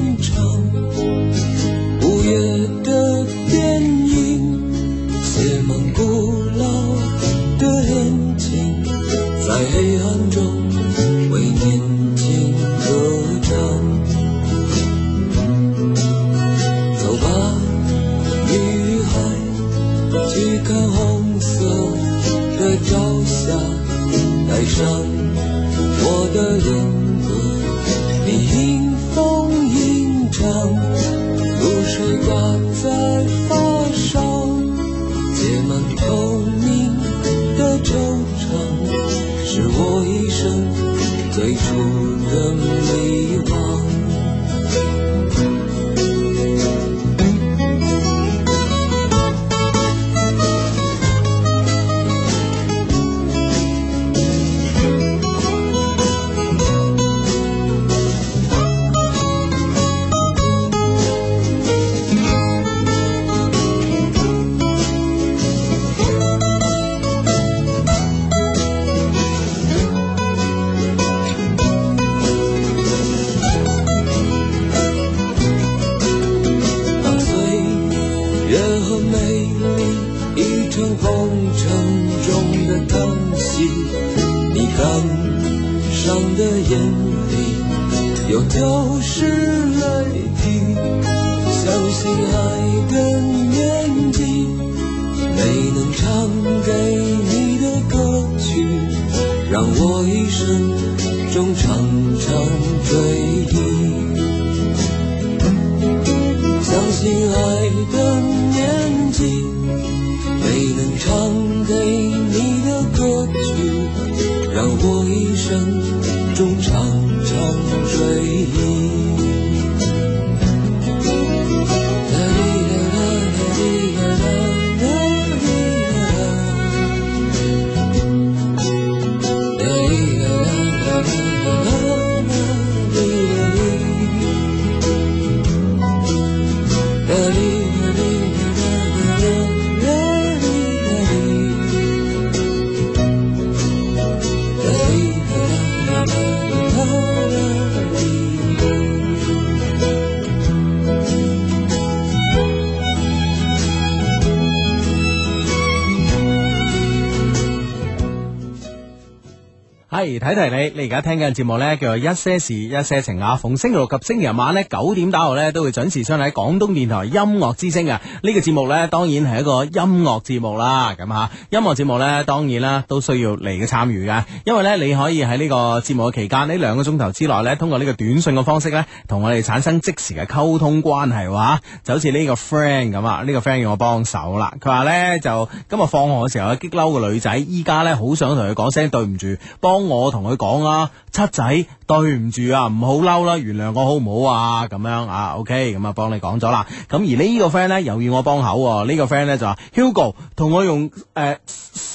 聽緊嘅節目呢，叫做一些事一些情啊，逢星期六及星期日晚呢，九點打後呢，都會準時上嚟廣東電台音樂之聲啊！呢、這個節目呢，當然係一個音樂節目啦，咁吓音樂節目呢，當然啦，都需要你嘅參與㗎。因為咧，你可以喺呢個節目嘅期間，呢兩個鐘頭之內咧，通過呢個短信嘅方式咧，同我哋產生即時嘅溝通關係，哇！就好似呢個 friend 咁啊，呢個 friend 要我幫手啦，佢話咧就今日放學嘅時候激嬲個女仔，依家,咧好想同佢講聲對唔住，幫我同佢講啊：「七仔對唔住啊，唔好嬲啦，原諒我好唔好啊？」咁樣啊，OK，咁啊幫你講咗啦。咁而呢個 friend 咧又要我幫口，呢個 friend 咧就話 Hugo 同我用誒。呃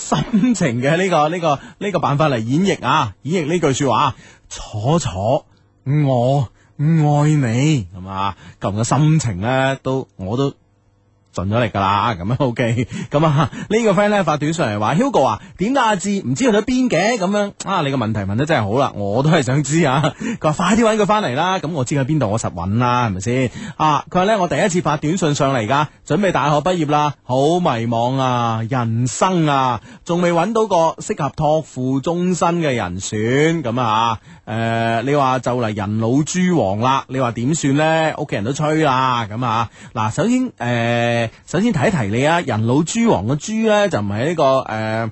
心情嘅呢個呢個呢個辦法嚟演繹啊，演繹呢句說話， 楚楚，我愛你，係嘛？咁嘅心情咧，都我都。盡咗力噶啦，咁樣 OK，咁啊呢、這個 friend 呢，發短信嚟話，Hugo 啊，點解阿志唔知去咗邊嘅，咁樣啊,啊你個問題問得真係好、啊、呵呵啦，我都係想知對對啊，佢話快啲搵佢翻嚟啦，咁我知佢邊度，我實搵啦，係咪先啊？佢話呢，我第一次發短信上嚟噶，準備大學畢業啦，好迷茫啊，人生啊，仲未搵到個適合託付終身嘅人選，咁啊誒、呃、你話就嚟人老珠黃啦，你話點算呢？屋企人都催啦，咁啊，嗱首先誒。呃首先提一提你啊，人老珠黃嘅珠咧就唔係呢個誒、呃、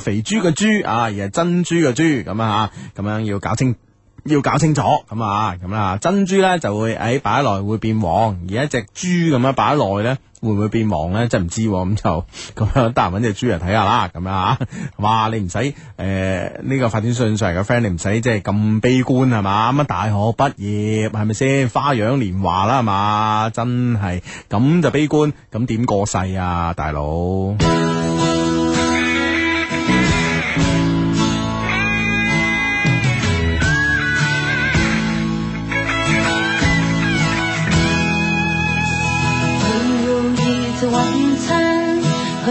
肥豬嘅豬啊，而係珍珠嘅珠咁啊，咁樣要搞清要搞清楚咁啊，咁啦、啊，珍珠咧就會喺擺得耐會變黃，而一隻豬咁樣擺得耐咧。會唔會變忙咧？真係唔知咁就咁樣得閒揾隻豬嚟睇下啦。咁啊嚇！哇！你唔使誒呢個發展信上嚟嘅 friend，你唔使即係咁悲觀係嘛？乜大學畢業係咪先？花樣年華啦係嘛？真係咁就悲觀，咁點過世啊大佬？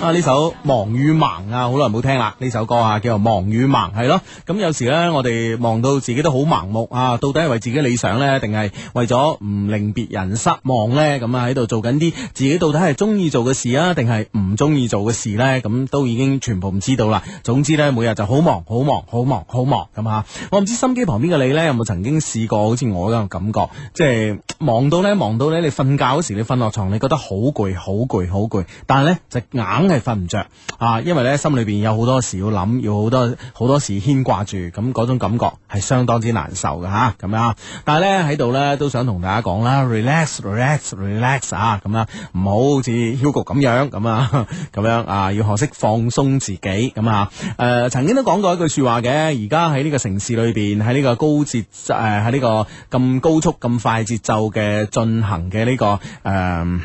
啊！呢首《忙與盲》啊，好耐冇聽啦。呢首歌啊，叫《忙與盲》，係咯。咁有時呢，我哋忙到自己都好盲目啊。到底係為自己理想呢？定係為咗唔令別人失望呢？咁啊，喺度做緊啲自己到底係中意做嘅事啊，定係唔中意做嘅事呢？咁、啊嗯、都已經全部唔知道啦。總之呢，每日就好忙，好忙，好忙，好忙咁啊。我唔知心機旁邊嘅你呢，有冇曾經試過好似我咁嘅感覺？即、就、係、是、忙到呢，忙到呢，你瞓覺嗰時，你瞓落床，你覺得好攰，好攰，好攰，但係呢，就硬。真係瞓唔着啊！因為呢，心裏邊有好多事要諗，要好多好多事牽掛住，咁嗰種感覺係相當之難受嘅吓。咁樣啊，但係呢，喺度呢，都想同大家講啦，relax，relax，relax relax，啊！咁啦，唔好好似 Hugo 咁樣咁啊，咁樣，啊，樣啊，要學識放鬆自己咁啊。誒、呃，曾經都講過一句說話嘅，而家喺呢個城市裏邊，喺呢個高節誒，喺、呃、呢個咁高速、咁快節奏嘅進行嘅呢、呢個誒。呃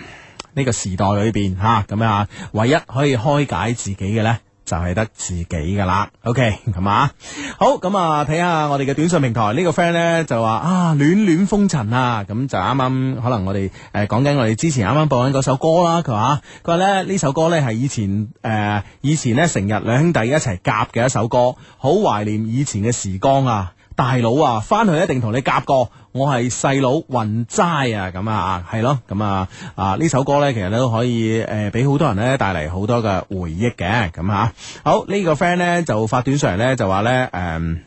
呢個時代裏邊吓，咁啊，唯一可以開解自己嘅呢，就係、是、得自己噶啦。OK，係、嗯、嘛、啊？好，咁啊，睇下我哋嘅短信平台呢、這個 friend 呢，就話啊，戀戀風塵啊，咁、啊、就啱啱可能我哋誒、呃、講緊我哋之前啱啱播緊嗰首歌啦，佢話佢話咧呢首歌呢，係以前誒、呃、以前咧成日兩兄弟一齊夾嘅一首歌，好懷念以前嘅時光啊！大佬啊，返去一定同你夾過。我係細佬雲齋啊，咁啊，係咯，咁啊，啊呢首歌呢，其實都可以誒，俾、呃、好多人咧帶嚟好多嘅回憶嘅，咁啊，好呢、呢個 friend 呢，就發短信嚟呢，就話呢。誒、呃。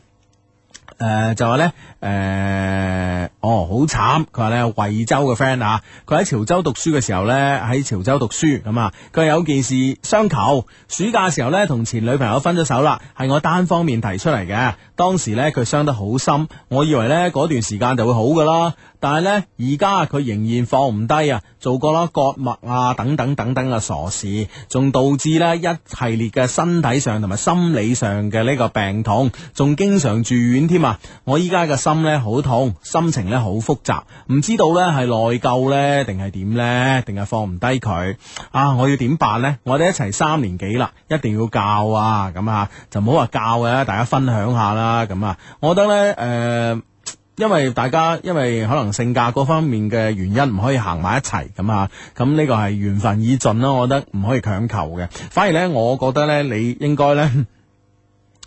誒、呃，就話呢，誒、呃，哦，好慘！佢話呢，惠州嘅 friend 啊，佢喺潮州讀書嘅時候呢，喺潮州讀書，咁啊，佢有件事相求。暑假嘅時候呢，同前女朋友分咗手啦，係我單方面提出嚟嘅。當時呢，佢傷得好深，我以為呢，嗰段時間就會好㗎啦。但係呢，而家佢仍然放唔低啊，做過啦，割脈啊等等等等嘅傻事，仲導致呢一系列嘅身體上同埋心理上嘅呢個病痛，仲經常住院添啊！我依家嘅心呢好痛，心情呢好複雜，唔知道呢係內疚呢定係點呢？定係放唔低佢啊！我要點辦呢？我哋一齊三年幾啦，一定要教啊！咁啊，就唔好話教嘅，大家分享下啦，咁啊，我覺得呢。誒、呃。因為大家因為可能性格嗰方面嘅原因唔可以行埋一齊咁啊，咁呢個係緣分已盡啦，我覺得唔可以強求嘅。反而呢，我覺得呢，你應該呢。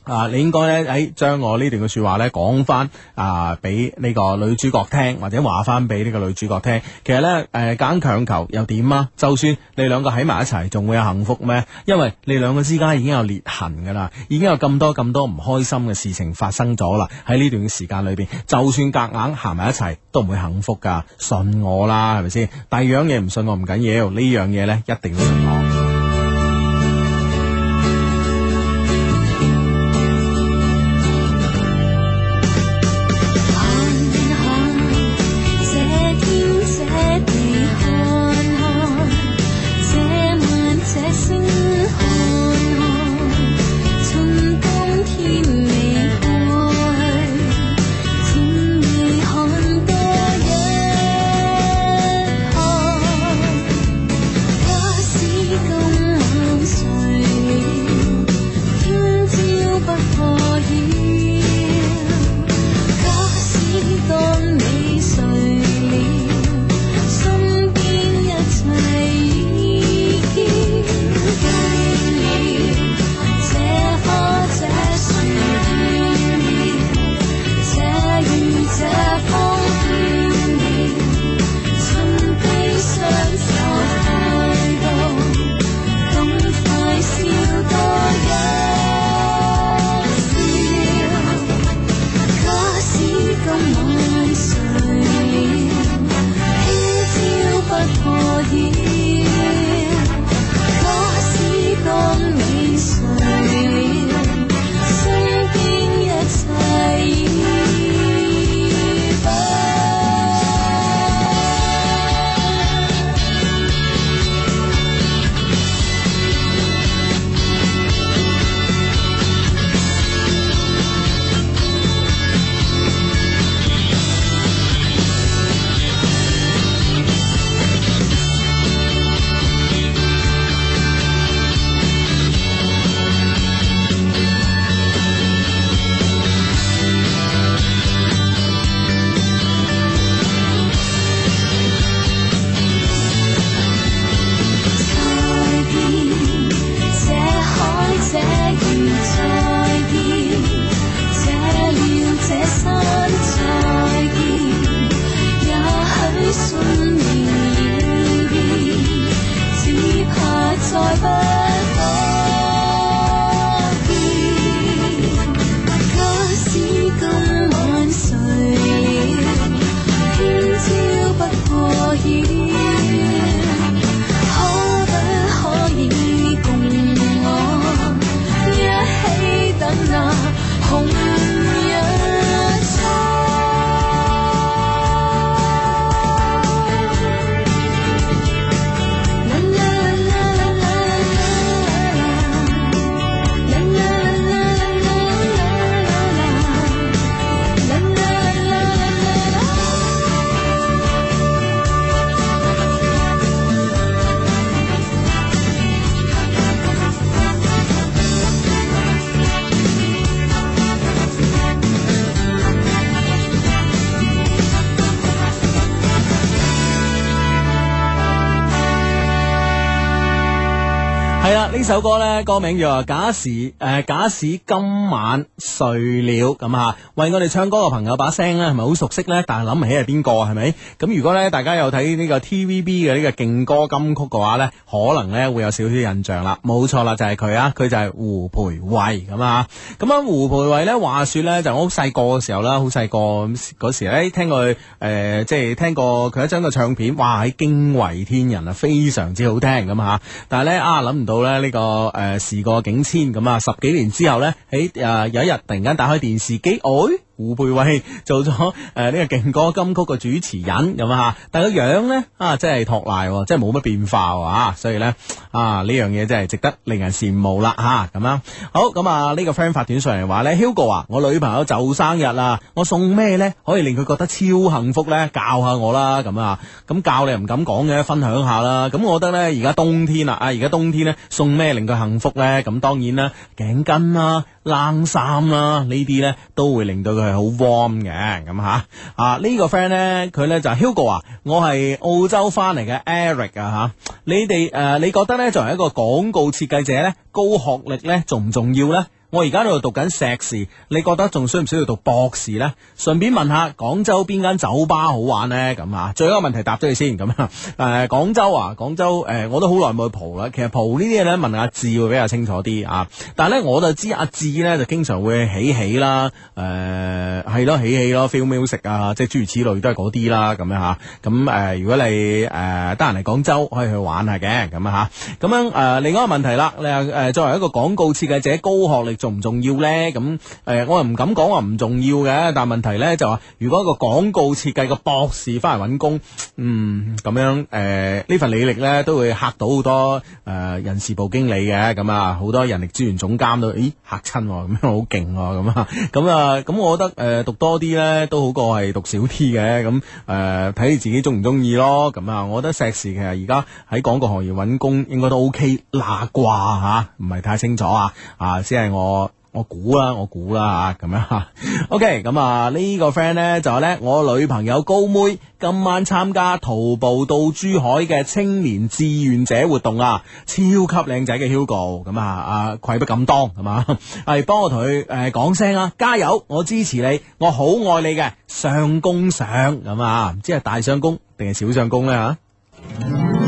啊！你應該咧喺將我呢段嘅說話咧講翻啊，俾呢個女主角聽，或者話翻俾呢個女主角聽。其實咧，誒、呃，硬強求又點啊？就算你兩個喺埋一齊，仲會有幸福咩？因為你兩個之間已經有裂痕噶啦，已經有咁多咁多唔開心嘅事情發生咗啦。喺呢段時間裏邊，就算夾硬行埋一齊，都唔會幸福噶。信我啦，係咪先？第二樣嘢唔信我唔緊要，呢樣嘢咧一定要信我。首歌咧歌名叫《假使》，呃，誒，假使今晚睡了咁啊，為我哋唱歌嘅朋友把聲咧，係咪好熟悉咧？但係諗唔起係邊個係咪咁如果咧，大家有睇呢個 TVB 嘅呢個勁歌金曲嘅話咧，可能咧會有少少印象啦。冇錯啦，就係、是、佢啊，佢就係胡培慧咁啊。咁啊，胡培慧咧話說咧，就我好細個嘅時候啦，好細個咁嗰時咧，聽佢誒、呃，即係聽過佢一張嘅唱片，哇，係驚為天人啊，非常之好聽咁吓，但係咧啊，諗唔到咧呢、呢個。個誒，時、呃、過境遷咁啊，十幾年之後咧，喺誒、呃、有一日突然間打開電視機，哎。胡佩威做咗誒呢個勁歌金曲嘅主持人咁啊，但係個樣咧啊，真係托賴，真係冇乜變化啊，所以咧啊呢樣嘢真係值得令人羨慕啦吓，咁樣好咁啊呢個 friend 發短信嚟話呢 Hugo 啊，我女朋友就生日啦，我送咩呢？可以令佢覺得超幸福呢？教下我啦咁啊，咁教你唔敢講嘅，分享下啦。咁我覺得呢，而家冬天啦，啊而家冬天呢，送咩令佢幸福呢？咁當然啦，頸巾啦、啊。冷衫啦、啊，呢啲咧都會令到佢係好 warm 嘅，咁吓，啊，啊、呢個、呢個 friend 咧，佢咧就係、是、Hugo 啊，我係澳洲翻嚟嘅 Eric 啊吓、啊，你哋誒、呃，你覺得咧作為一個廣告設計者咧，高學歷咧重唔重要咧？我而家喺度讀緊碩士，你覺得仲需唔需要讀博士呢？順便問下，廣州邊間酒吧好玩呢？咁啊，最後一個問題答咗你先。咁啊，誒、呃，廣州啊，廣州誒、呃，我都好耐冇去蒲啦。其實蒲呢啲嘢咧，問阿志會比較清楚啲啊。但係咧，我就知阿志咧就經常會起起啦，誒、呃，係咯，起起咯，feel music 啊，即係諸如此類都係嗰啲啦。咁樣吓，咁誒、呃，如果你誒、呃、得閒嚟廣州可以去玩下嘅，咁啊吓，咁樣誒、呃，另一個問題啦，你誒作為一個廣告設計者，高學歷。重唔重要咧？咁誒、呃、我又唔敢講話唔重要嘅。但問題咧就話如果一個廣告設計個博士翻嚟揾工，嗯，咁樣，誒、呃、呢份履歷咧都會嚇到好多誒、呃、人事部經理嘅。咁啊，好多人力資源總監都咦吓親喎，咁樣好勁喎，咁啊，咁啊，咁我覺得誒、呃、讀多啲咧都好過係讀少啲嘅。咁誒睇你自己中唔中意咯。咁啊，我覺得碩士其實在在而家喺廣告行業揾工應該都 OK 啦啩吓，唔係太清楚啊啊，先係我。我估啦，我估啦吓，咁樣吓。OK，咁啊呢、呢個 friend 呢，就係呢，我女朋友高妹今晚參加徒步到珠海嘅青年志願者活動啊，超級靚仔嘅 Hugo，咁啊啊愧不敢當，係嘛、啊，係幫我同佢誒講聲啊，加油，我支持你，我好愛你嘅，上公上咁啊，唔知係大上公定係小上公呢？吓、啊。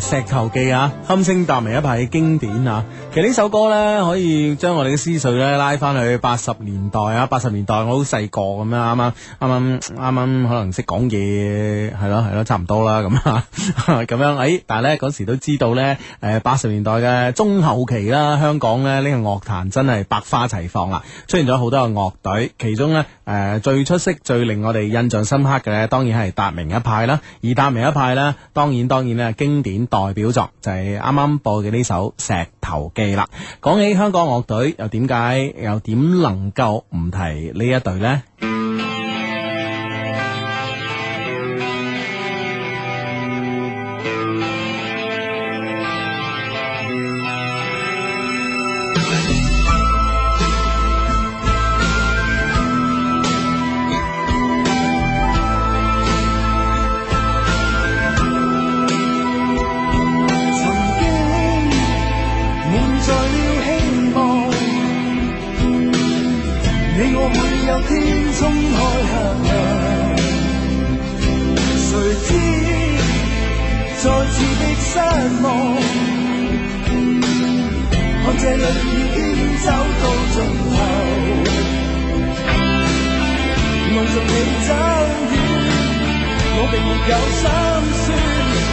《石頭記》啊，堪稱達明一派經典啊！其實呢首歌咧，可以將我哋嘅思緒咧拉翻去八十年代啊！八十年代我好細個咁樣，啱啱啱啱啱啱可能識講嘢，係咯係咯，差唔多啦咁啊！咁 樣誒、哎，但係咧嗰時都知道咧，誒八十年代嘅中後期啦，香港咧呢、這個樂壇真係百花齊放啦，出現咗好多嘅樂隊，其中咧誒、呃、最出色、最令我哋印象深刻嘅咧，當然係達明一派啦。而達明一派咧，當然當然咧，經典代表作就係啱啱播嘅呢首《石頭記》啦。講起香港樂隊，又點解又點能夠唔提呢一隊呢？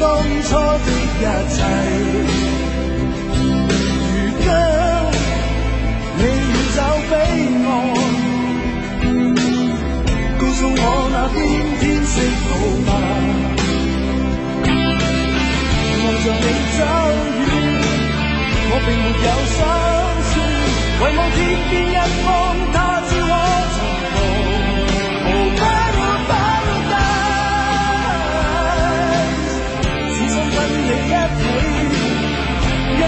當初的一切，如今你遠走飛外，告訴我那天天色好嗎？望着你走遠，我並沒有心酸，唯望天邊一光透。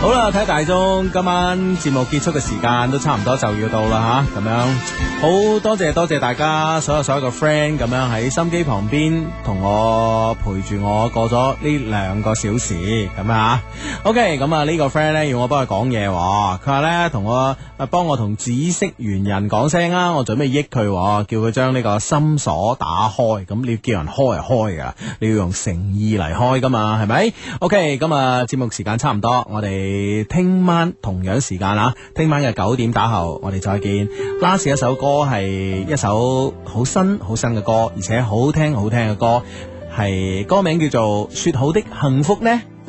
好啦，睇大鐘，今晚節目結束嘅時間都差唔多就要到啦吓，咁樣好多謝，多謝大家所有所有嘅 friend 咁樣喺心機旁邊同我陪住我過咗呢兩個小時咁啊。O K，咁啊呢個 friend 呢，要我幫佢講嘢，佢話呢，同我幫我同紫色圓人講聲啊。我準備益佢，叫佢將呢個心鎖打開。咁你要叫人開啊開噶，你要用誠意嚟開噶嘛，係咪？O K，咁啊，節目時間差唔多，我哋聽晚同樣時間啊，聽晚嘅九點打後，我哋再見。Last 一首歌係一首好新好新嘅歌，而且好聽好聽嘅歌，係歌名叫做《說好的幸福》呢？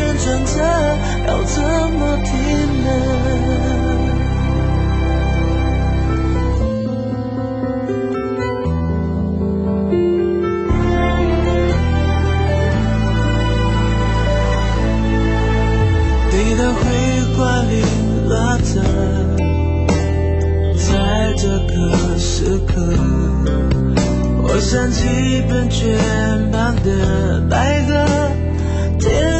旋轉着，要怎麼停呢？你的回話凌亂着，在這個時刻，我想起噴泉旁的白鴿。